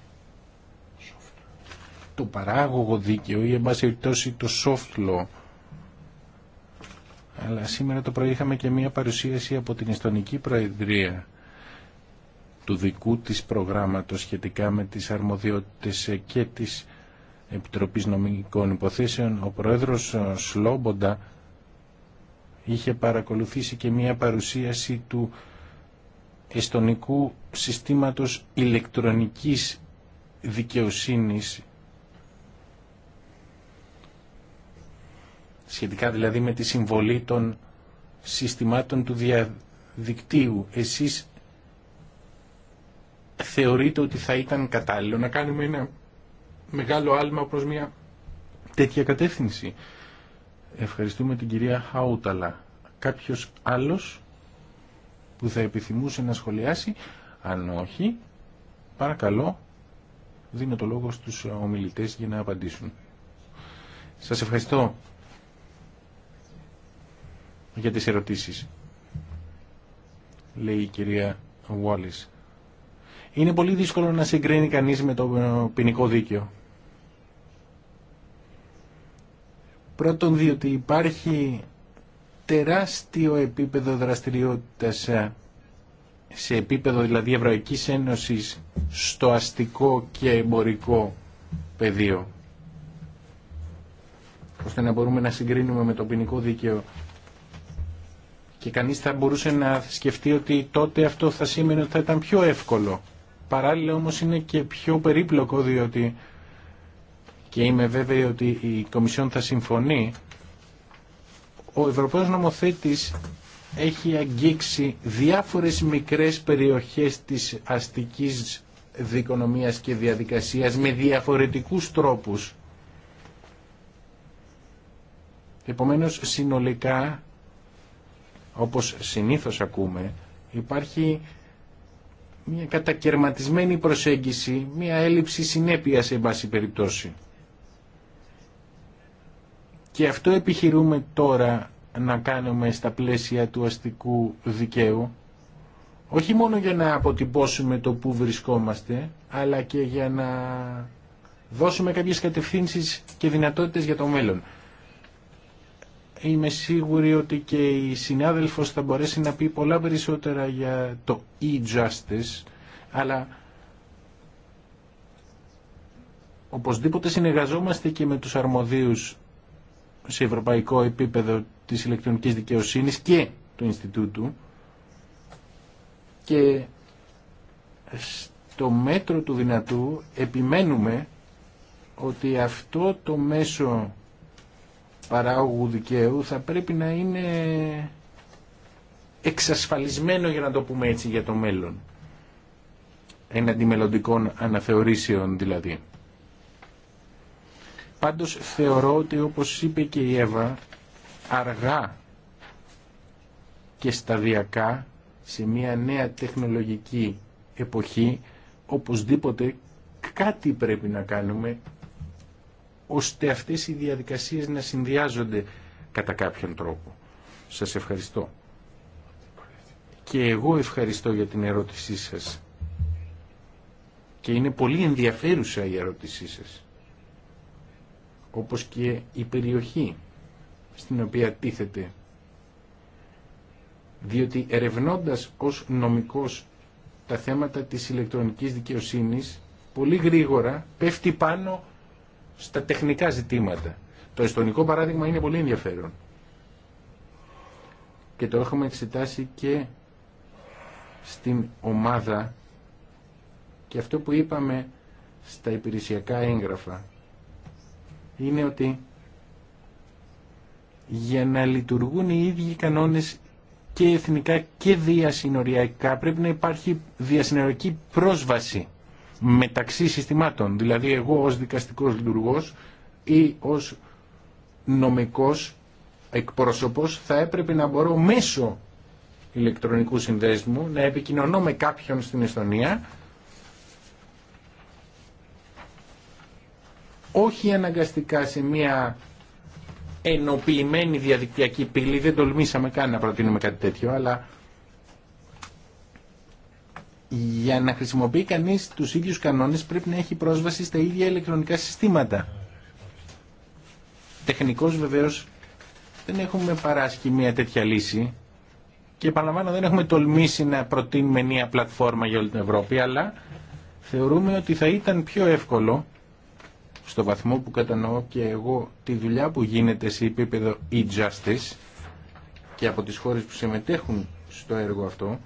το παράγωγο δίκαιο ή εν το soft law. Αλλά σήμερα το πρωί είχαμε και μία παρουσίαση από την Ιστονική Προεδρία του δικού της προγράμματος σχετικά με τις αρμοδιότητες και της Επιτροπής Νομικών Υποθέσεων, ο Πρόεδρος Σλόμποντα είχε παρακολουθήσει και μία παρουσίαση του εστονικού συστήματος ηλεκτρονικής δικαιοσύνης σχετικά δηλαδή με τη συμβολή των συστημάτων του διαδικτύου. Εσείς θεωρείτε ότι θα ήταν κατάλληλο να κάνουμε ένα μεγάλο άλμα προς μια τέτοια κατεύθυνση. Ευχαριστούμε την κυρία Χαούταλα. Κάποιος άλλος που θα επιθυμούσε να σχολιάσει, αν όχι, παρακαλώ, δίνω το λόγο στους ομιλητές για να απαντήσουν. Σας ευχαριστώ για τις ερωτήσεις, λέει η κυρία Βόλι είναι πολύ δύσκολο να συγκρίνει κανείς με το ποινικό δίκαιο. Πρώτον διότι υπάρχει τεράστιο επίπεδο δραστηριότητας ε, σε επίπεδο δηλαδή Ευρωπαϊκής Ένωσης στο αστικό και εμπορικό πεδίο ώστε να μπορούμε να συγκρίνουμε με το ποινικό δίκαιο και κανείς θα μπορούσε να σκεφτεί ότι τότε αυτό θα σήμαινε ότι θα ήταν πιο εύκολο Παράλληλα όμως είναι και πιο περίπλοκο διότι και είμαι βέβαιη ότι η Κομισιόν θα συμφωνεί ο Ευρωπαίος Νομοθέτης έχει αγγίξει διάφορες μικρές περιοχές της αστικής δικονομίας και διαδικασίας με διαφορετικούς τρόπους. Επομένως συνολικά, όπως συνήθως ακούμε, υπάρχει μια κατακαιρματισμένη προσέγγιση, μια έλλειψη συνέπειας σε βάση περιπτώσει. Και αυτό επιχειρούμε τώρα να κάνουμε στα πλαίσια του αστικού δικαίου, όχι μόνο για να αποτυπώσουμε το που βρισκόμαστε, αλλά και για να δώσουμε κάποιες κατευθύνσεις και δυνατότητες για το μέλλον είμαι σίγουρη ότι και η συνάδελφος θα μπορέσει να πει πολλά περισσότερα για το e-justice, αλλά οπωσδήποτε συνεργαζόμαστε και με τους αρμοδίους σε ευρωπαϊκό επίπεδο της ηλεκτρονικής δικαιοσύνης και του Ινστιτούτου και στο μέτρο του δυνατού επιμένουμε ότι αυτό το μέσο Παράγου δικαίου θα πρέπει να είναι εξασφαλισμένο για να το πούμε έτσι για το μέλλον ένα αντιμελλοντικών αναθεωρήσεων δηλαδή. Πάντως θεωρώ ότι όπως είπε και η Εύα αργά και σταδιακά σε μια νέα τεχνολογική εποχή οπωσδήποτε κάτι πρέπει να κάνουμε ώστε αυτές οι διαδικασίες να συνδυάζονται κατά κάποιον τρόπο. Σας ευχαριστώ. Και εγώ ευχαριστώ για την ερώτησή σας. Και είναι πολύ ενδιαφέρουσα η ερώτησή σας. Όπως και η περιοχή στην οποία τίθεται. Διότι ερευνώντας ως νομικός τα θέματα της ηλεκτρονικής δικαιοσύνης, πολύ γρήγορα πέφτει πάνω στα τεχνικά ζητήματα. Το εστονικό παράδειγμα είναι πολύ ενδιαφέρον. Και το έχουμε εξετάσει και στην ομάδα και αυτό που είπαμε στα υπηρεσιακά έγγραφα είναι ότι για να λειτουργούν οι ίδιοι κανόνες και εθνικά και διασυνοριακά πρέπει να υπάρχει διασυνοριακή πρόσβαση μεταξύ συστημάτων. Δηλαδή εγώ ως δικαστικός λειτουργός ή ως νομικός εκπρόσωπος θα έπρεπε να μπορώ μέσω ηλεκτρονικού συνδέσμου να επικοινωνώ με κάποιον στην Εστονία όχι αναγκαστικά σε μια ενοποιημένη διαδικτυακή πύλη, δεν τολμήσαμε καν να προτείνουμε κάτι τέτοιο, αλλά για να χρησιμοποιεί κανείς τους ίδιους κανόνες πρέπει να έχει πρόσβαση στα ίδια ηλεκτρονικά συστήματα. Τεχνικώς βεβαίως δεν έχουμε παράσχει μια τέτοια λύση και επαναλαμβάνω δεν έχουμε τολμήσει να προτείνουμε μια πλατφόρμα για όλη την Ευρώπη αλλά θεωρούμε ότι θα ήταν πιο εύκολο στο βαθμό που κατανοώ και εγώ τη δουλειά που γίνεται σε επίπεδο e-justice και από τις χώρες που συμμετέχουν στο έργο αυτό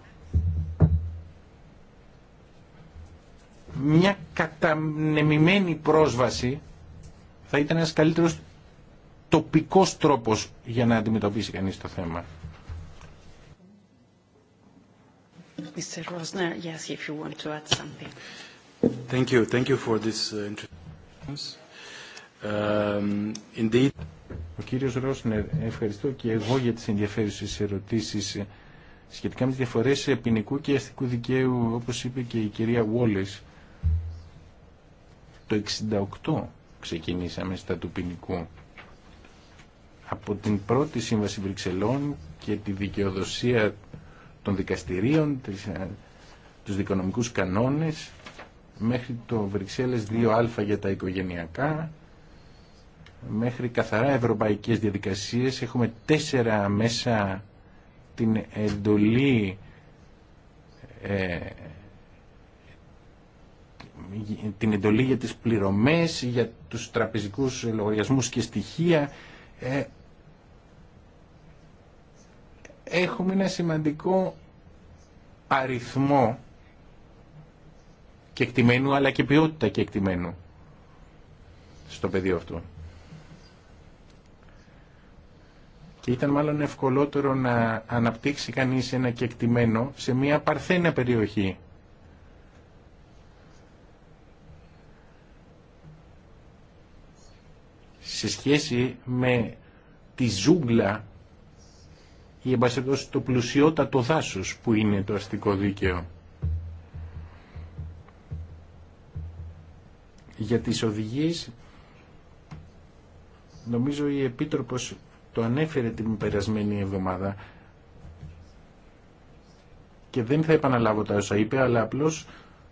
μια κατανεμημένη πρόσβαση θα ήταν ένας καλύτερος τοπικός τρόπος για να αντιμετωπίσει κανείς το θέμα. Mr. Rosner, yes, if you want to add something. Thank you. Thank you for this uh, um, indeed. Ο κύριος Ρόσνερ, ευχαριστώ και εγώ για τις ενδιαφέρουσες ερωτήσεις ε, σχετικά με τις διαφορές ποινικού και αστικού δικαίου, όπως είπε και η κυρία Wallace το 68 ξεκινήσαμε στα του ποινικού. Από την πρώτη σύμβαση Βρυξελών και τη δικαιοδοσία των δικαστηρίων, της ε, τους δικονομικούς κανόνες, μέχρι το Βρυξέλλες 2α για τα οικογενειακά, μέχρι καθαρά ευρωπαϊκές διαδικασίες. Έχουμε τέσσερα μέσα την εντολή ε, την εντολή για τις πληρωμές, για τους τραπεζικούς λογαριασμούς και στοιχεία. Ε, έχουμε ένα σημαντικό αριθμό κεκτημένου αλλά και ποιότητα κεκτημένου στο πεδίο αυτό. Και ήταν μάλλον ευκολότερο να αναπτύξει κανείς ένα κεκτημένο σε μια παρθένα περιοχή σε σχέση με τη ζούγκλα ή εμπασχετός το πλουσιότατο δάσος που είναι το αστικό δίκαιο. Για τις οδηγίες νομίζω η Επίτροπος το ανέφερε την περασμένη εβδομάδα και δεν θα επαναλάβω τα όσα είπε αλλά απλώς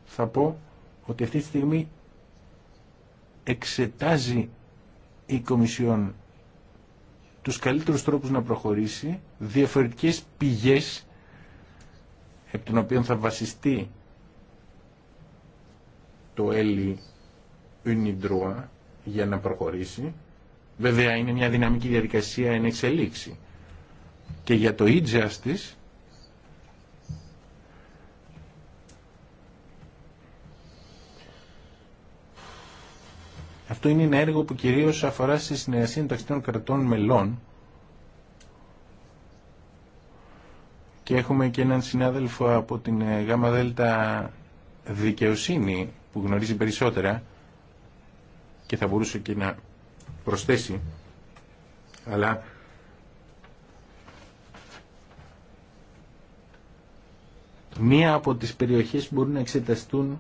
θα πω ότι αυτή τη στιγμή εξετάζει η Κομισιόν τους καλύτερους τρόπους να προχωρήσει, διαφορετικές πηγές από των οποίων θα βασιστεί το Έλλη Ουνιντρούα για να προχωρήσει. Βέβαια είναι μια δυναμική διαδικασία εν εξελίξη. Και για το e-justice Αυτό είναι ένα έργο που κυρίως αφορά στη συνεργασία των κρατών μελών και έχουμε και έναν συνάδελφο από την ε, ΓΑΜΑ ΔΕΛΤΑ Δικαιοσύνη που γνωρίζει περισσότερα και θα μπορούσε και να προσθέσει αλλά μία από τις περιοχές που μπορούν να εξεταστούν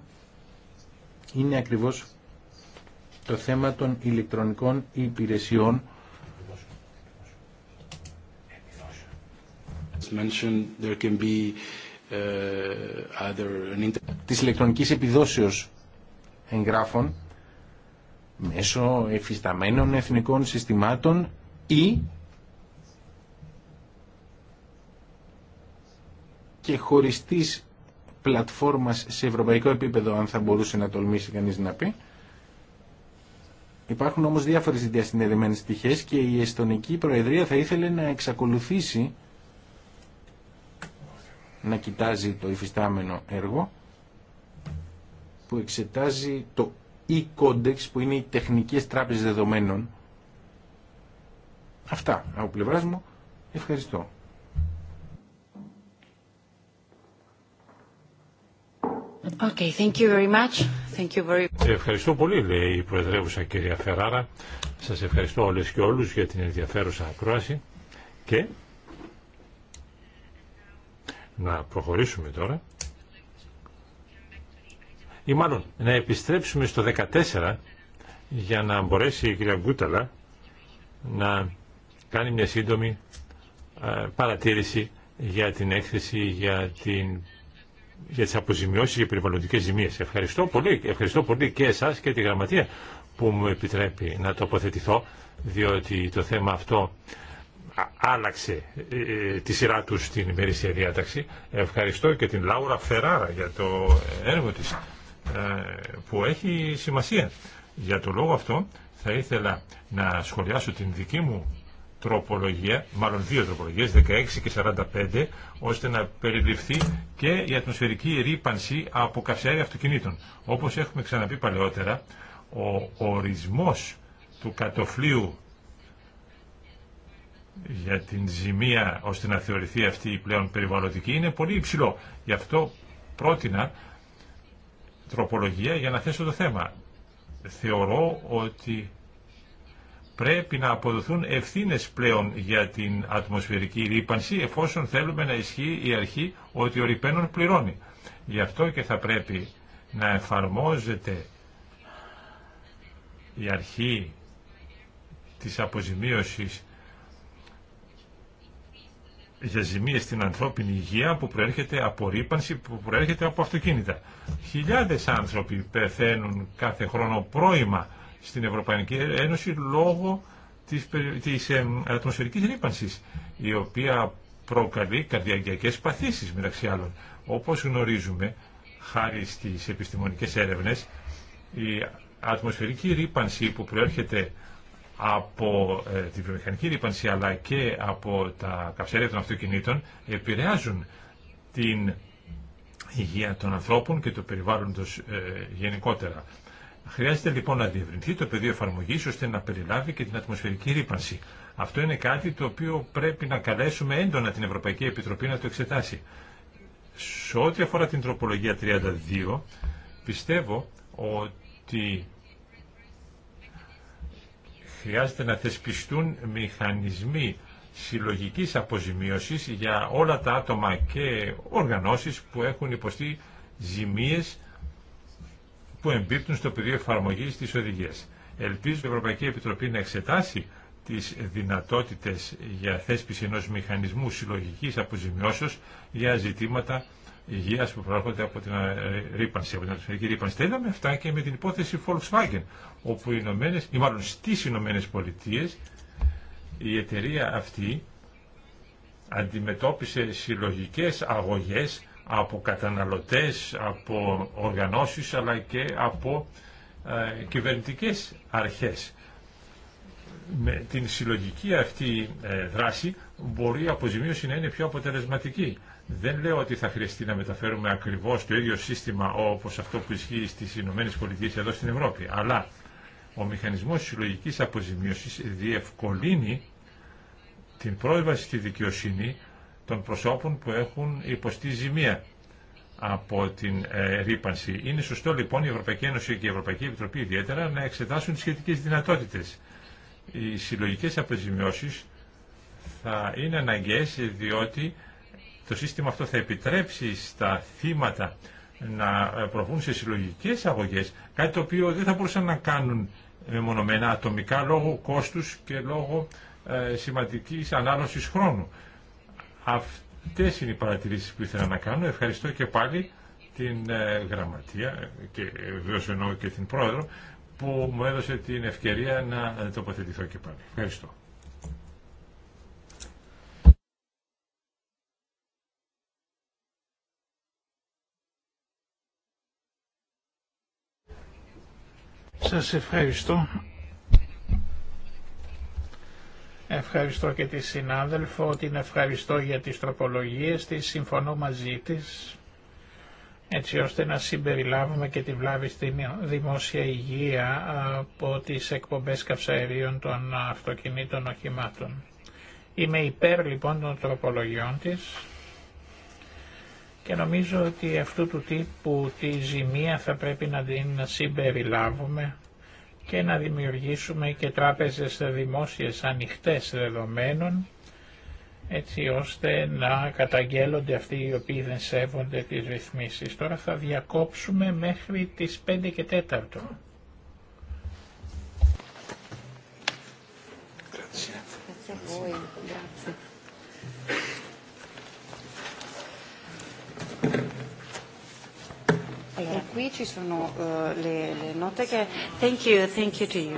είναι ακριβώς το θέμα των ηλεκτρονικών υπηρεσιών uh, της ηλεκτρονικής επιδόσεως εγγράφων μέσω εφισταμένων εθνικών συστημάτων ή και χωριστής πλατφόρμας σε ευρωπαϊκό επίπεδο αν θα μπορούσε να τολμήσει κανείς να πει Υπάρχουν όμως διάφορες διασυνδεδεμένες πτυχές και η Εστονική Προεδρία θα ήθελε να εξακολουθήσει να κοιτάζει το υφιστάμενο έργο που εξετάζει το e-Codex που είναι οι τεχνικές τράπεζες δεδομένων. Αυτά από πλευράς μου. Ευχαριστώ. Ευχαριστώ πολύ, λέει η Προεδρεύουσα κυρία Φεράρα. Σας ευχαριστώ όλες και όλους για την ενδιαφέρουσα ακρόαση. Και να προχωρήσουμε τώρα. Ή μάλλον να επιστρέψουμε στο 14 για να μπορέσει η κυρία Γκούταλα να κάνει μια σύντομη ε, παρατήρηση για την έκθεση για την για τις αποζημιώσεις για περιβαλλοντικές ζημίες. Ευχαριστώ πολύ, ευχαριστώ πολύ και εσάς και τη Γραμματεία που μου επιτρέπει να τοποθετηθώ, διότι το θέμα αυτό άλλαξε ε, ε, τη σειρά του στην ημερήσια διάταξη. Ευχαριστώ και την Λάουρα Φεράρα για το έργο της, ε, που έχει σημασία. Για το λόγο αυτό θα ήθελα να σχολιάσω την δική μου τροπολογία, μάλλον δύο τροπολογίες, 16 και 45, ώστε να περιληφθεί και η ατμοσφαιρική ρήπανση από καυσαέρια αυτοκινήτων. Όπως έχουμε ξαναπεί παλαιότερα, ο ορισμός του κατοφλίου για την ζημία ώστε να θεωρηθεί αυτή η πλέον περιβαλλοντική είναι πολύ υψηλό. Γι' αυτό πρότεινα τροπολογία για να θέσω το θέμα. Θεωρώ ότι πρέπει να αποδοθούν ευθύνες πλέον για την ατμοσφαιρική ρήπανση εφόσον θέλουμε να ισχύει η αρχή ότι ο ρηπαίνων πληρώνει. Γι' αυτό και θα πρέπει να εφαρμόζεται η αρχή της αποζημίωσης για ζημίες στην ανθρώπινη υγεία που προέρχεται από ρήπανση, που προέρχεται από αυτοκίνητα. Χιλιάδες άνθρωποι πεθαίνουν κάθε χρόνο πρόημα στην Ευρωπαϊκή Ένωση λόγω της, της ε, ατμοσφαιρικής ρήπανσης, η οποία προκαλεί καρδιακιακές παθήσεις μεταξύ άλλων. Όπως γνωρίζουμε, χάρη στις επιστημονικές έρευνες, η ατμοσφαιρική ρήπανση που προέρχεται από ε, τη βιομηχανική ρήπανση αλλά και από τα καυσαέρια των αυτοκινήτων επηρεάζουν την υγεία των ανθρώπων και το περιβάλλοντος ε, γενικότερα. Χρειάζεται λοιπόν να διευρυνθεί το πεδίο εφαρμογή ώστε να περιλάβει και την ατμοσφαιρική ρήπανση. Αυτό είναι κάτι το οποίο πρέπει να καλέσουμε έντονα την Ευρωπαϊκή Επιτροπή να το εξετάσει. Σε ό,τι αφορά την τροπολογία 32, πιστεύω ότι χρειάζεται να θεσπιστούν μηχανισμοί συλλογικής αποζημίωσης για όλα τα άτομα και οργανώσεις που έχουν υποστεί ζημίες που εμπίπτουν στο πεδίο εφαρμογή τη οδηγία. Ελπίζω η Ευρωπαϊκή Επιτροπή να εξετάσει τι δυνατότητε για θέσπιση ενό μηχανισμού συλλογική αποζημιώσεω για ζητήματα υγεία που προέρχονται από την ε, ρήπανση, από την ατμοσφαιρική ρήπανση. Τα είδαμε αυτά και με την υπόθεση Volkswagen, όπου οι Ηνωμένες, ή μάλλον στι Ηνωμένε Πολιτείε η εταιρεία αυτή αντιμετώπισε συλλογικές συλλογικέ αγωγέ από καταναλωτές, από οργανώσεις αλλά και από ε, κυβερνητικές αρχές. Με την συλλογική αυτή ε, δράση μπορεί η αποζημίωση να είναι πιο αποτελεσματική. Δεν λέω ότι θα χρειαστεί να μεταφέρουμε ακριβώς το ίδιο σύστημα όπως αυτό που ισχύει στις ΗΠΑ εδώ στην Ευρώπη, αλλά ο μηχανισμός συλλογικής αποζημίωσης διευκολύνει την πρόσβαση στη δικαιοσύνη των που έχουν υποστεί ζημία από την ε, ρήπανση. Είναι σωστό λοιπόν η Ευρωπαϊκή Ένωση και η Ευρωπαϊκή Επιτροπή ιδιαίτερα να εξετάσουν τις σχετικές δυνατότητες. Οι συλλογικές αποζημιώσεις θα είναι αναγκαίες διότι το σύστημα αυτό θα επιτρέψει στα θύματα να ε, προβούν σε συλλογικές αγωγές, κάτι το οποίο δεν θα μπορούσαν να κάνουν μεμονωμένα ατομικά λόγω κόστους και λόγω ε, σημαντικής ανάλωσης χρόνου. Αυτέ είναι οι παρατηρήσει που ήθελα να κάνω. Ευχαριστώ και πάλι την ε, γραμματεία και βεβαίω εννοώ και την πρόεδρο που μου έδωσε την ευκαιρία να τοποθετηθώ και πάλι. Ευχαριστώ. Σας ευχαριστώ. Ευχαριστώ και τη συνάδελφο, την ευχαριστώ για τις τροπολογίες της, συμφωνώ μαζί της, έτσι ώστε να συμπεριλάβουμε και τη βλάβη στη δημόσια υγεία από τις εκπομπές καυσαερίων των αυτοκινήτων οχημάτων. Είμαι υπέρ λοιπόν των τροπολογιών της και νομίζω ότι αυτού του τύπου τη ζημία θα πρέπει να την συμπεριλάβουμε και να δημιουργήσουμε και τράπεζες δημόσιες ανοιχτές δεδομένων έτσι ώστε να καταγγέλλονται αυτοί οι οποίοι δεν σέβονται τις ρυθμίσεις. Τώρα θα διακόψουμε μέχρι τις 5 και 4. Grazie. qui ci sono le note che thank you thank you to you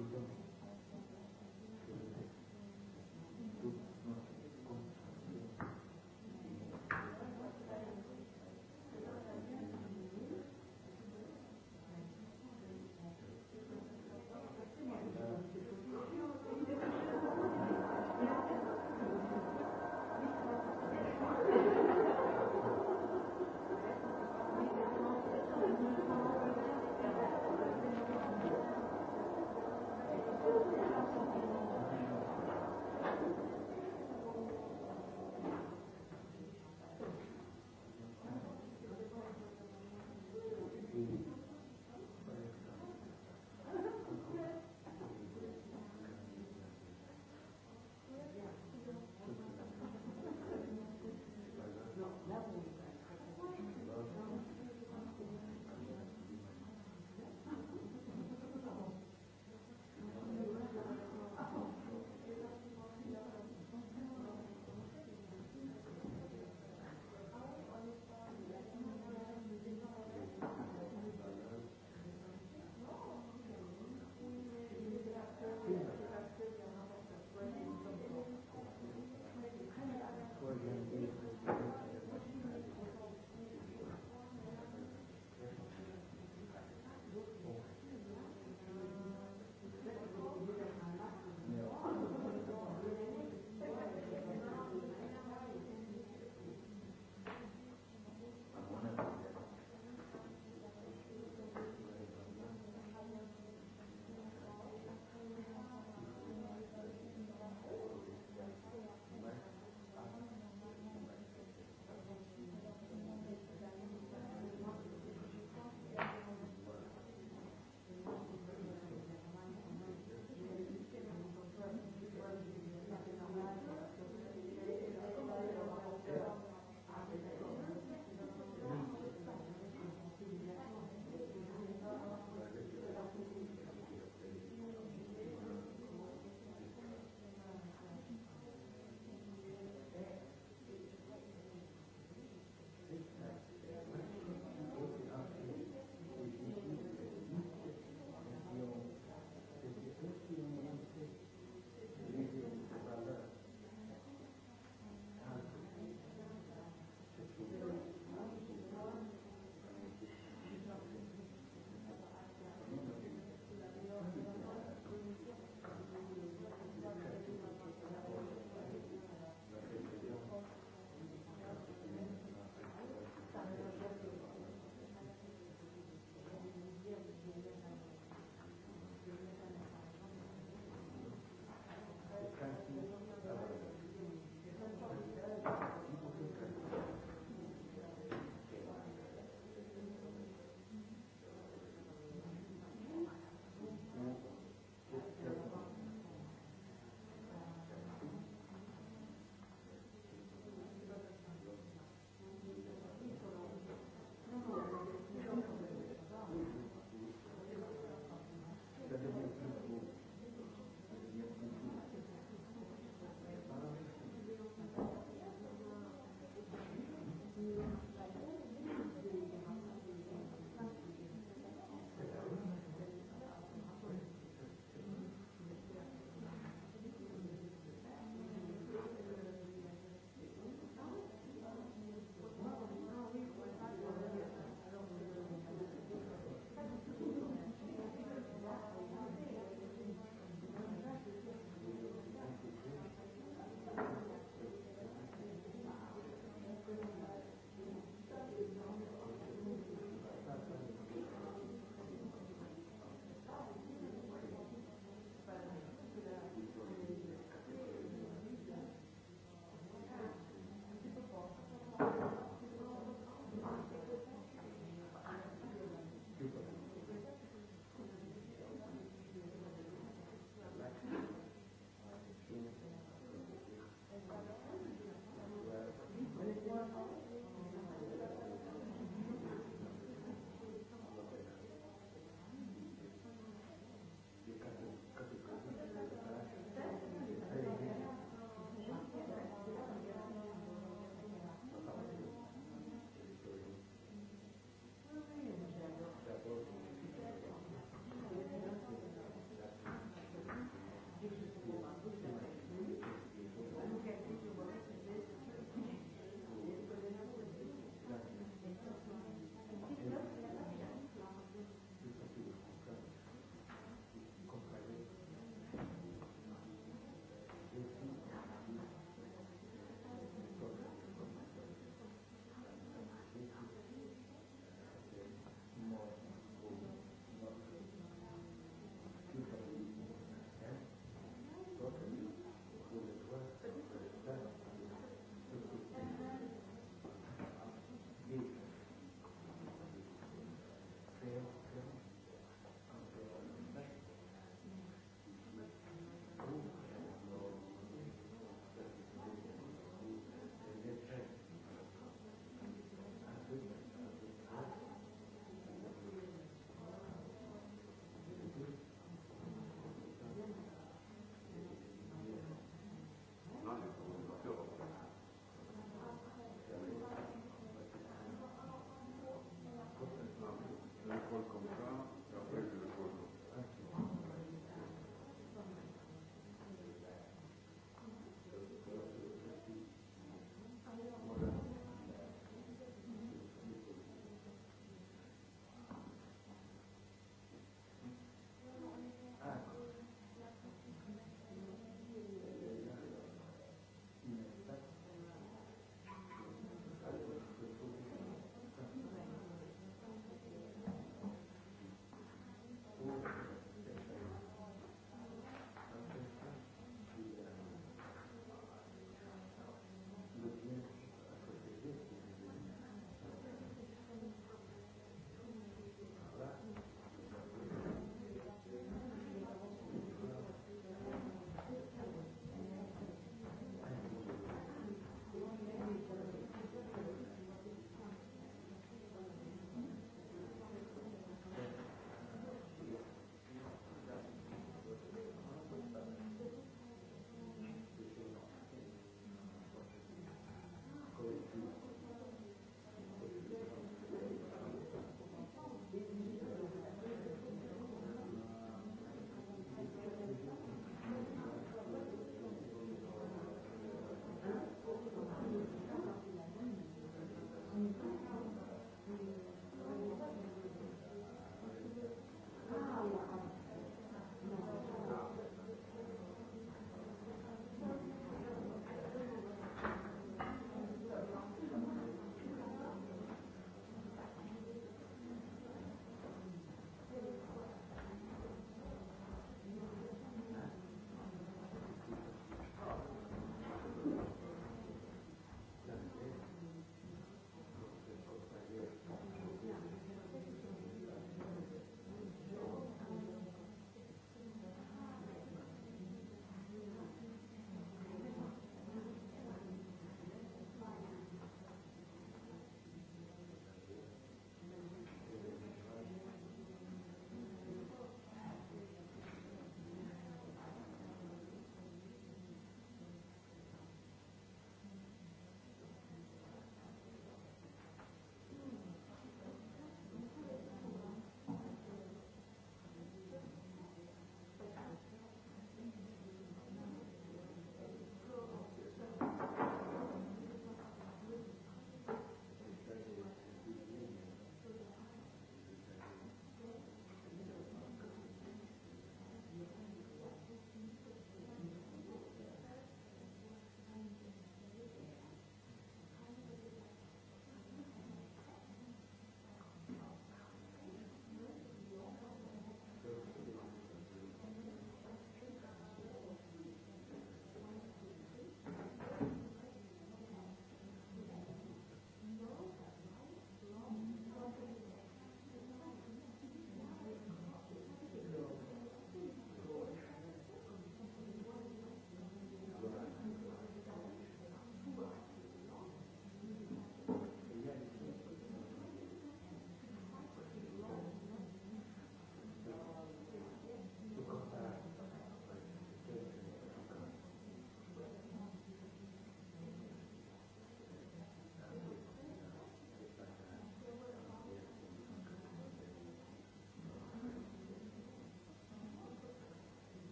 Υπότιτλοι AUTHORWAVE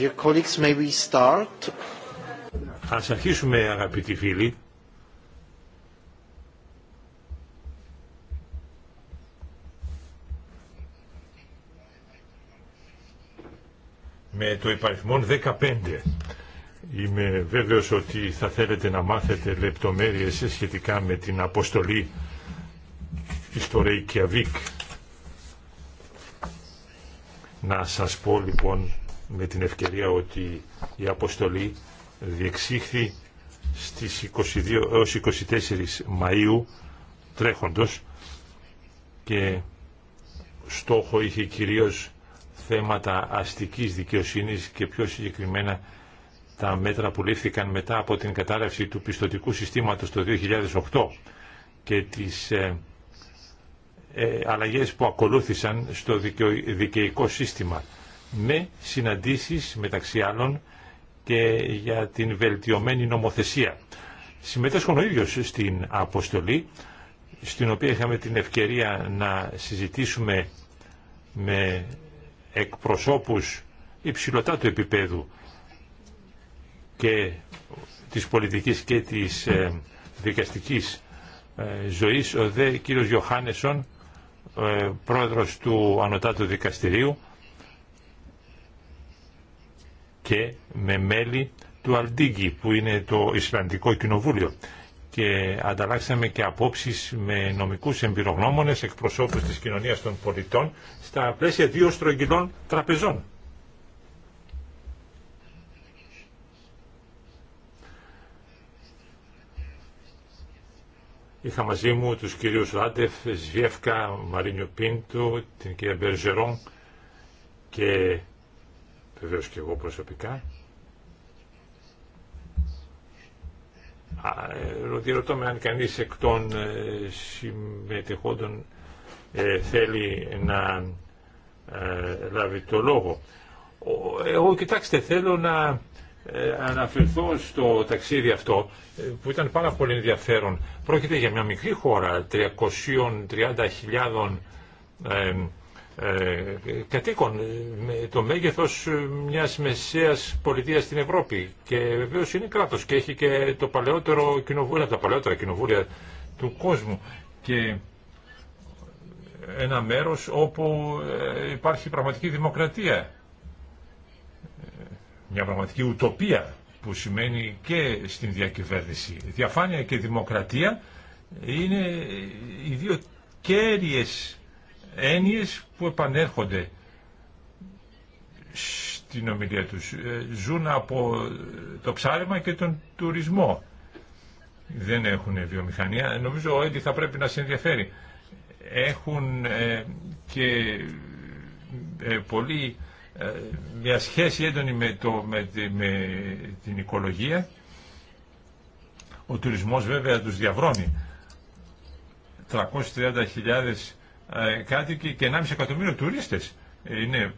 Dear colleagues, may we start? Ας αρχίσουμε αγαπητοί φίλοι. Με το υπαριθμόν 15. Είμαι βέβαιος ότι θα θέλετε να μάθετε λεπτομέρειες σχετικά με την αποστολή στο Βίκ. Να σας πω λοιπόν με την ευκαιρία ότι η αποστολή διεξήχθη στις 22 έως 24 Μαΐου τρέχοντος και στόχο είχε κυρίως θέματα αστικής δικαιοσύνης και πιο συγκεκριμένα τα μέτρα που λήφθηκαν μετά από την κατάρρευση του πιστοτικού συστήματος το 2008 και τις ε, ε, αλλαγές που ακολούθησαν στο δικαιικό σύστημα με ναι, συναντήσεις μεταξύ άλλων και για την βελτιωμένη νομοθεσία. Συμμετέσχουν ο ίδιος στην αποστολή, στην οποία είχαμε την ευκαιρία να συζητήσουμε με εκπροσώπους υψηλωτά του επίπεδου και της πολιτικής και της ε, δικαστικής ε, ζωής. Ο δε κύριος Γιωχάνεσον, ε, πρόεδρος του Ανωτάτου Δικαστηρίου, και με μέλη του Αλντίγκη που είναι το Ισλανδικό Κοινοβούλιο και ανταλλάξαμε και απόψεις με νομικούς εμπειρογνώμονες εκπροσώπους της κοινωνίας των πολιτών στα πλαίσια δύο στρογγυλών τραπεζών. Είχα μαζί μου τους κυρίους Ράντεφ, Σβιεύκα, Μαρίνιο Πίντου, την κυρία Μπερζερόν και βεβαίως και εγώ προσωπικά, Ρωτώ με αν κανείς εκ των ε, συμμετεχόντων ε, θέλει να ε, λάβει το λόγο. Εγώ κοιτάξτε θέλω να αναφερθώ στο ταξίδι αυτό που ήταν πάρα πολύ ενδιαφέρον. Πρόκειται για μια μικρή χώρα 330.000 ε, κατοίκων, το μέγεθος μιας μεσαίας πολιτείας στην Ευρώπη και βεβαίως είναι κράτος και έχει και το παλαιότερο κοινοβούλιο, τα παλαιότερα κοινοβούλια του κόσμου και ένα μέρος όπου ε, υπάρχει πραγματική δημοκρατία, ε, μια πραγματική ουτοπία που σημαίνει και στην διακυβέρνηση. Διαφάνεια και δημοκρατία είναι οι δύο κέρυες έννοιες που επανέρχονται στην ομιλία τους. Ε, ζουν από ε, το ψάρεμα και τον τουρισμό. Δεν έχουν βιομηχανία. Νομίζω ότι θα πρέπει να σε ενδιαφέρει. Έχουν ε, και πολύ μια σχέση έντονη με, το, με, με την οικολογία. Ο τουρισμός βέβαια τους διαβρώνει. 330.000 ε, κάτι και 1,5 εκατομμύριο τουρίστες. Είναι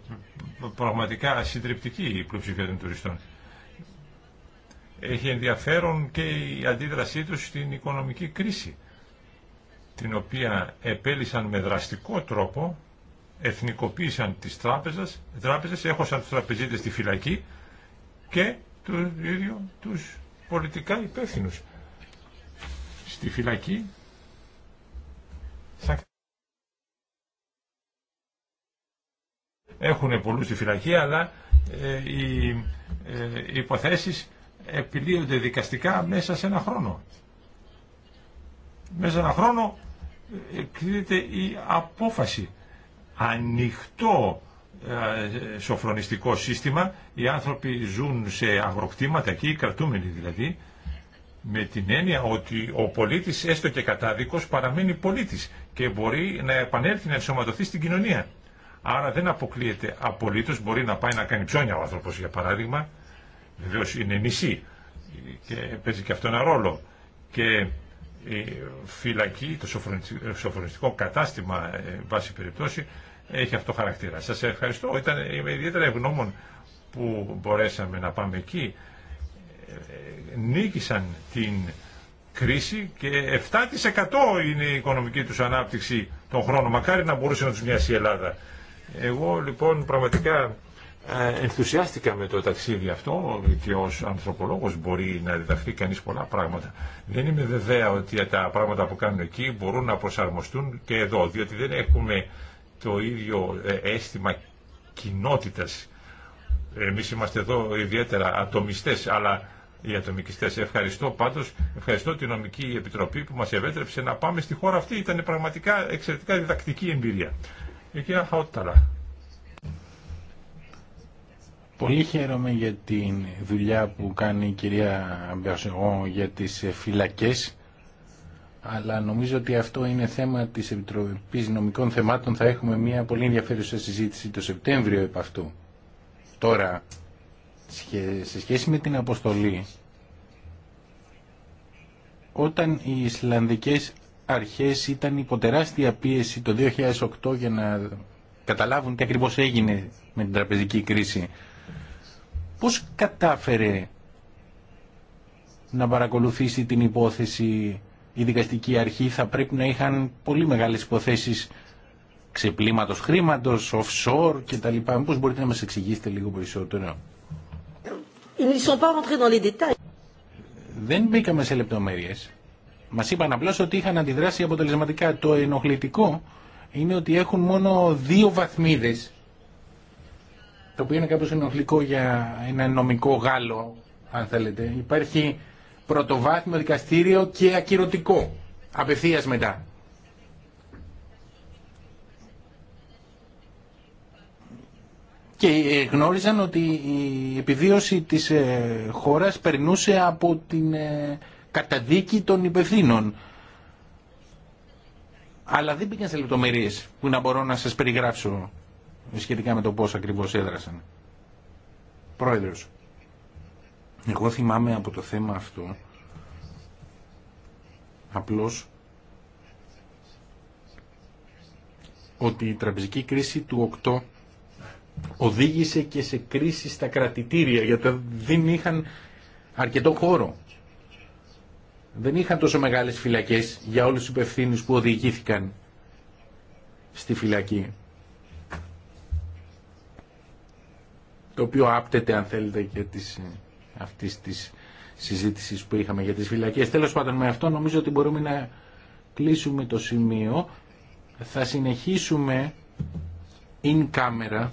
πραγματικά συντριπτική η πλειοψηφία των τουριστών. Έχει ενδιαφέρον και η αντίδρασή τους στην οικονομική κρίση, την οποία επέλυσαν με δραστικό τρόπο, εθνικοποίησαν τις τράπεζες, τράπεζες έχωσαν τους τραπεζίτες στη φυλακή και του ίδιο τους πολιτικά υπεύθυνους. Στη φυλακή έχουν πολλούς στη φυλακή, αλλά ε, ε, οι υποθέσεις επιλύονται δικαστικά μέσα σε ένα χρόνο. Μέσα σε ένα χρόνο ε, εκδίδεται η απόφαση. Ανοιχτό σοφρονιστικό σύστημα, οι άνθρωποι ζουν σε αγροκτήματα εκεί, οι κρατούμενοι δηλαδή, με την έννοια ότι ο πολίτης έστω και κατάδικος παραμένει πολίτης και μπορεί να επανέλθει να ενσωματωθεί στην κοινωνία. Άρα δεν αποκλείεται απολύτω μπορεί να πάει να κάνει ψώνια ο άνθρωπο, για παράδειγμα, βεβαίως είναι νησί και παίζει και αυτό ένα ρόλο. Και η ε, φυλακή, το ε, σοφρονιστικό κατάστημα, ε, βάση περιπτώσει, έχει αυτό χαρακτήρα. Σα ευχαριστώ. Ήταν, είμαι ιδιαίτερα ευγνώμων που μπορέσαμε να πάμε εκεί. Νίκησαν την κρίση και 7% είναι η οικονομική του ανάπτυξη τον χρόνο. Μακάρι να μπορούσε να τους μοιάσει η Ελλάδα. Εγώ λοιπόν πραγματικά ε, ενθουσιάστηκα με το ταξίδι αυτό και ως ανθρωπολόγος μπορεί να διδαχθεί κανείς πολλά πράγματα. Δεν είμαι βεβαία ότι τα πράγματα που κάνουν εκεί μπορούν να προσαρμοστούν και εδώ, διότι δεν έχουμε το ίδιο ε, αίσθημα κοινότητας. Εμείς είμαστε εδώ ιδιαίτερα ατομιστές, αλλά οι ατομικιστές. Ευχαριστώ πάντως, ευχαριστώ την νομική επιτροπή που μας ευέτρεψε να πάμε στη χώρα αυτή. Ήταν πραγματικά εξαιρετικά διδακτική εμπειρία. Η κυρία Πολύ χαίρομαι για τη δουλειά που κάνει η κυρία Μπιασεγό για τις φυλακές αλλά νομίζω ότι αυτό είναι θέμα της Επιτροπής Νομικών Θεμάτων θα έχουμε μια πολύ ενδιαφέρουσα συζήτηση το Σεπτέμβριο επ' αυτού. Τώρα, σε σχέση με την αποστολή όταν οι Ισλανδικές αρχές ήταν υπό τεράστια πίεση το 2008 για να καταλάβουν τι ακριβώς έγινε με την τραπεζική κρίση. Πώς κατάφερε να παρακολουθήσει την υπόθεση η δικαστική αρχή θα πρέπει να είχαν πολύ μεγάλες υποθέσεις ξεπλήματος χρήματος, offshore κτλ. Πώς μπορείτε να μας εξηγήσετε λίγο περισσότερο. Δεν μπήκαμε σε λεπτομέρειες. Μα είπαν απλώ ότι είχαν αντιδράσει αποτελεσματικά. Το ενοχλητικό είναι ότι έχουν μόνο δύο βαθμίδες, το οποίο είναι κάπως ενοχλικό για ένα νομικό Γάλλο, αν θέλετε. Υπάρχει πρωτοβάθμιο δικαστήριο και ακυρωτικό, απευθείας μετά. Και ε, γνώριζαν ότι η επιβίωση της ε, χώρας περνούσε από την ε, καταδίκη των υπευθύνων. Αλλά δεν πήγαν σε λεπτομερίες που να μπορώ να σα περιγράψω σχετικά με το πώς ακριβώς έδρασαν. Προεδρο. εγώ θυμάμαι από το θέμα αυτό απλώς ότι η τραπεζική κρίση του 8 οδήγησε και σε κρίση στα κρατητήρια γιατί δεν είχαν αρκετό χώρο δεν είχαν τόσο μεγάλες φυλακές για όλους τους υπευθύνου που οδηγήθηκαν στη φυλακή. Το οποίο άπτεται αν θέλετε και της, ε, αυτής της συζήτησης που είχαμε για τις φυλακές. Τέλος πάντων με αυτό νομίζω ότι μπορούμε να κλείσουμε το σημείο. Θα συνεχίσουμε in camera.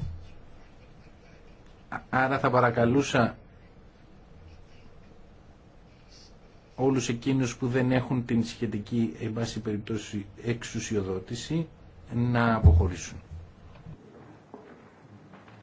Άρα θα παρακαλούσα όλους εκείνους που δεν έχουν την σχετική, εν περιπτώσει, εξουσιοδότηση να αποχωρήσουν.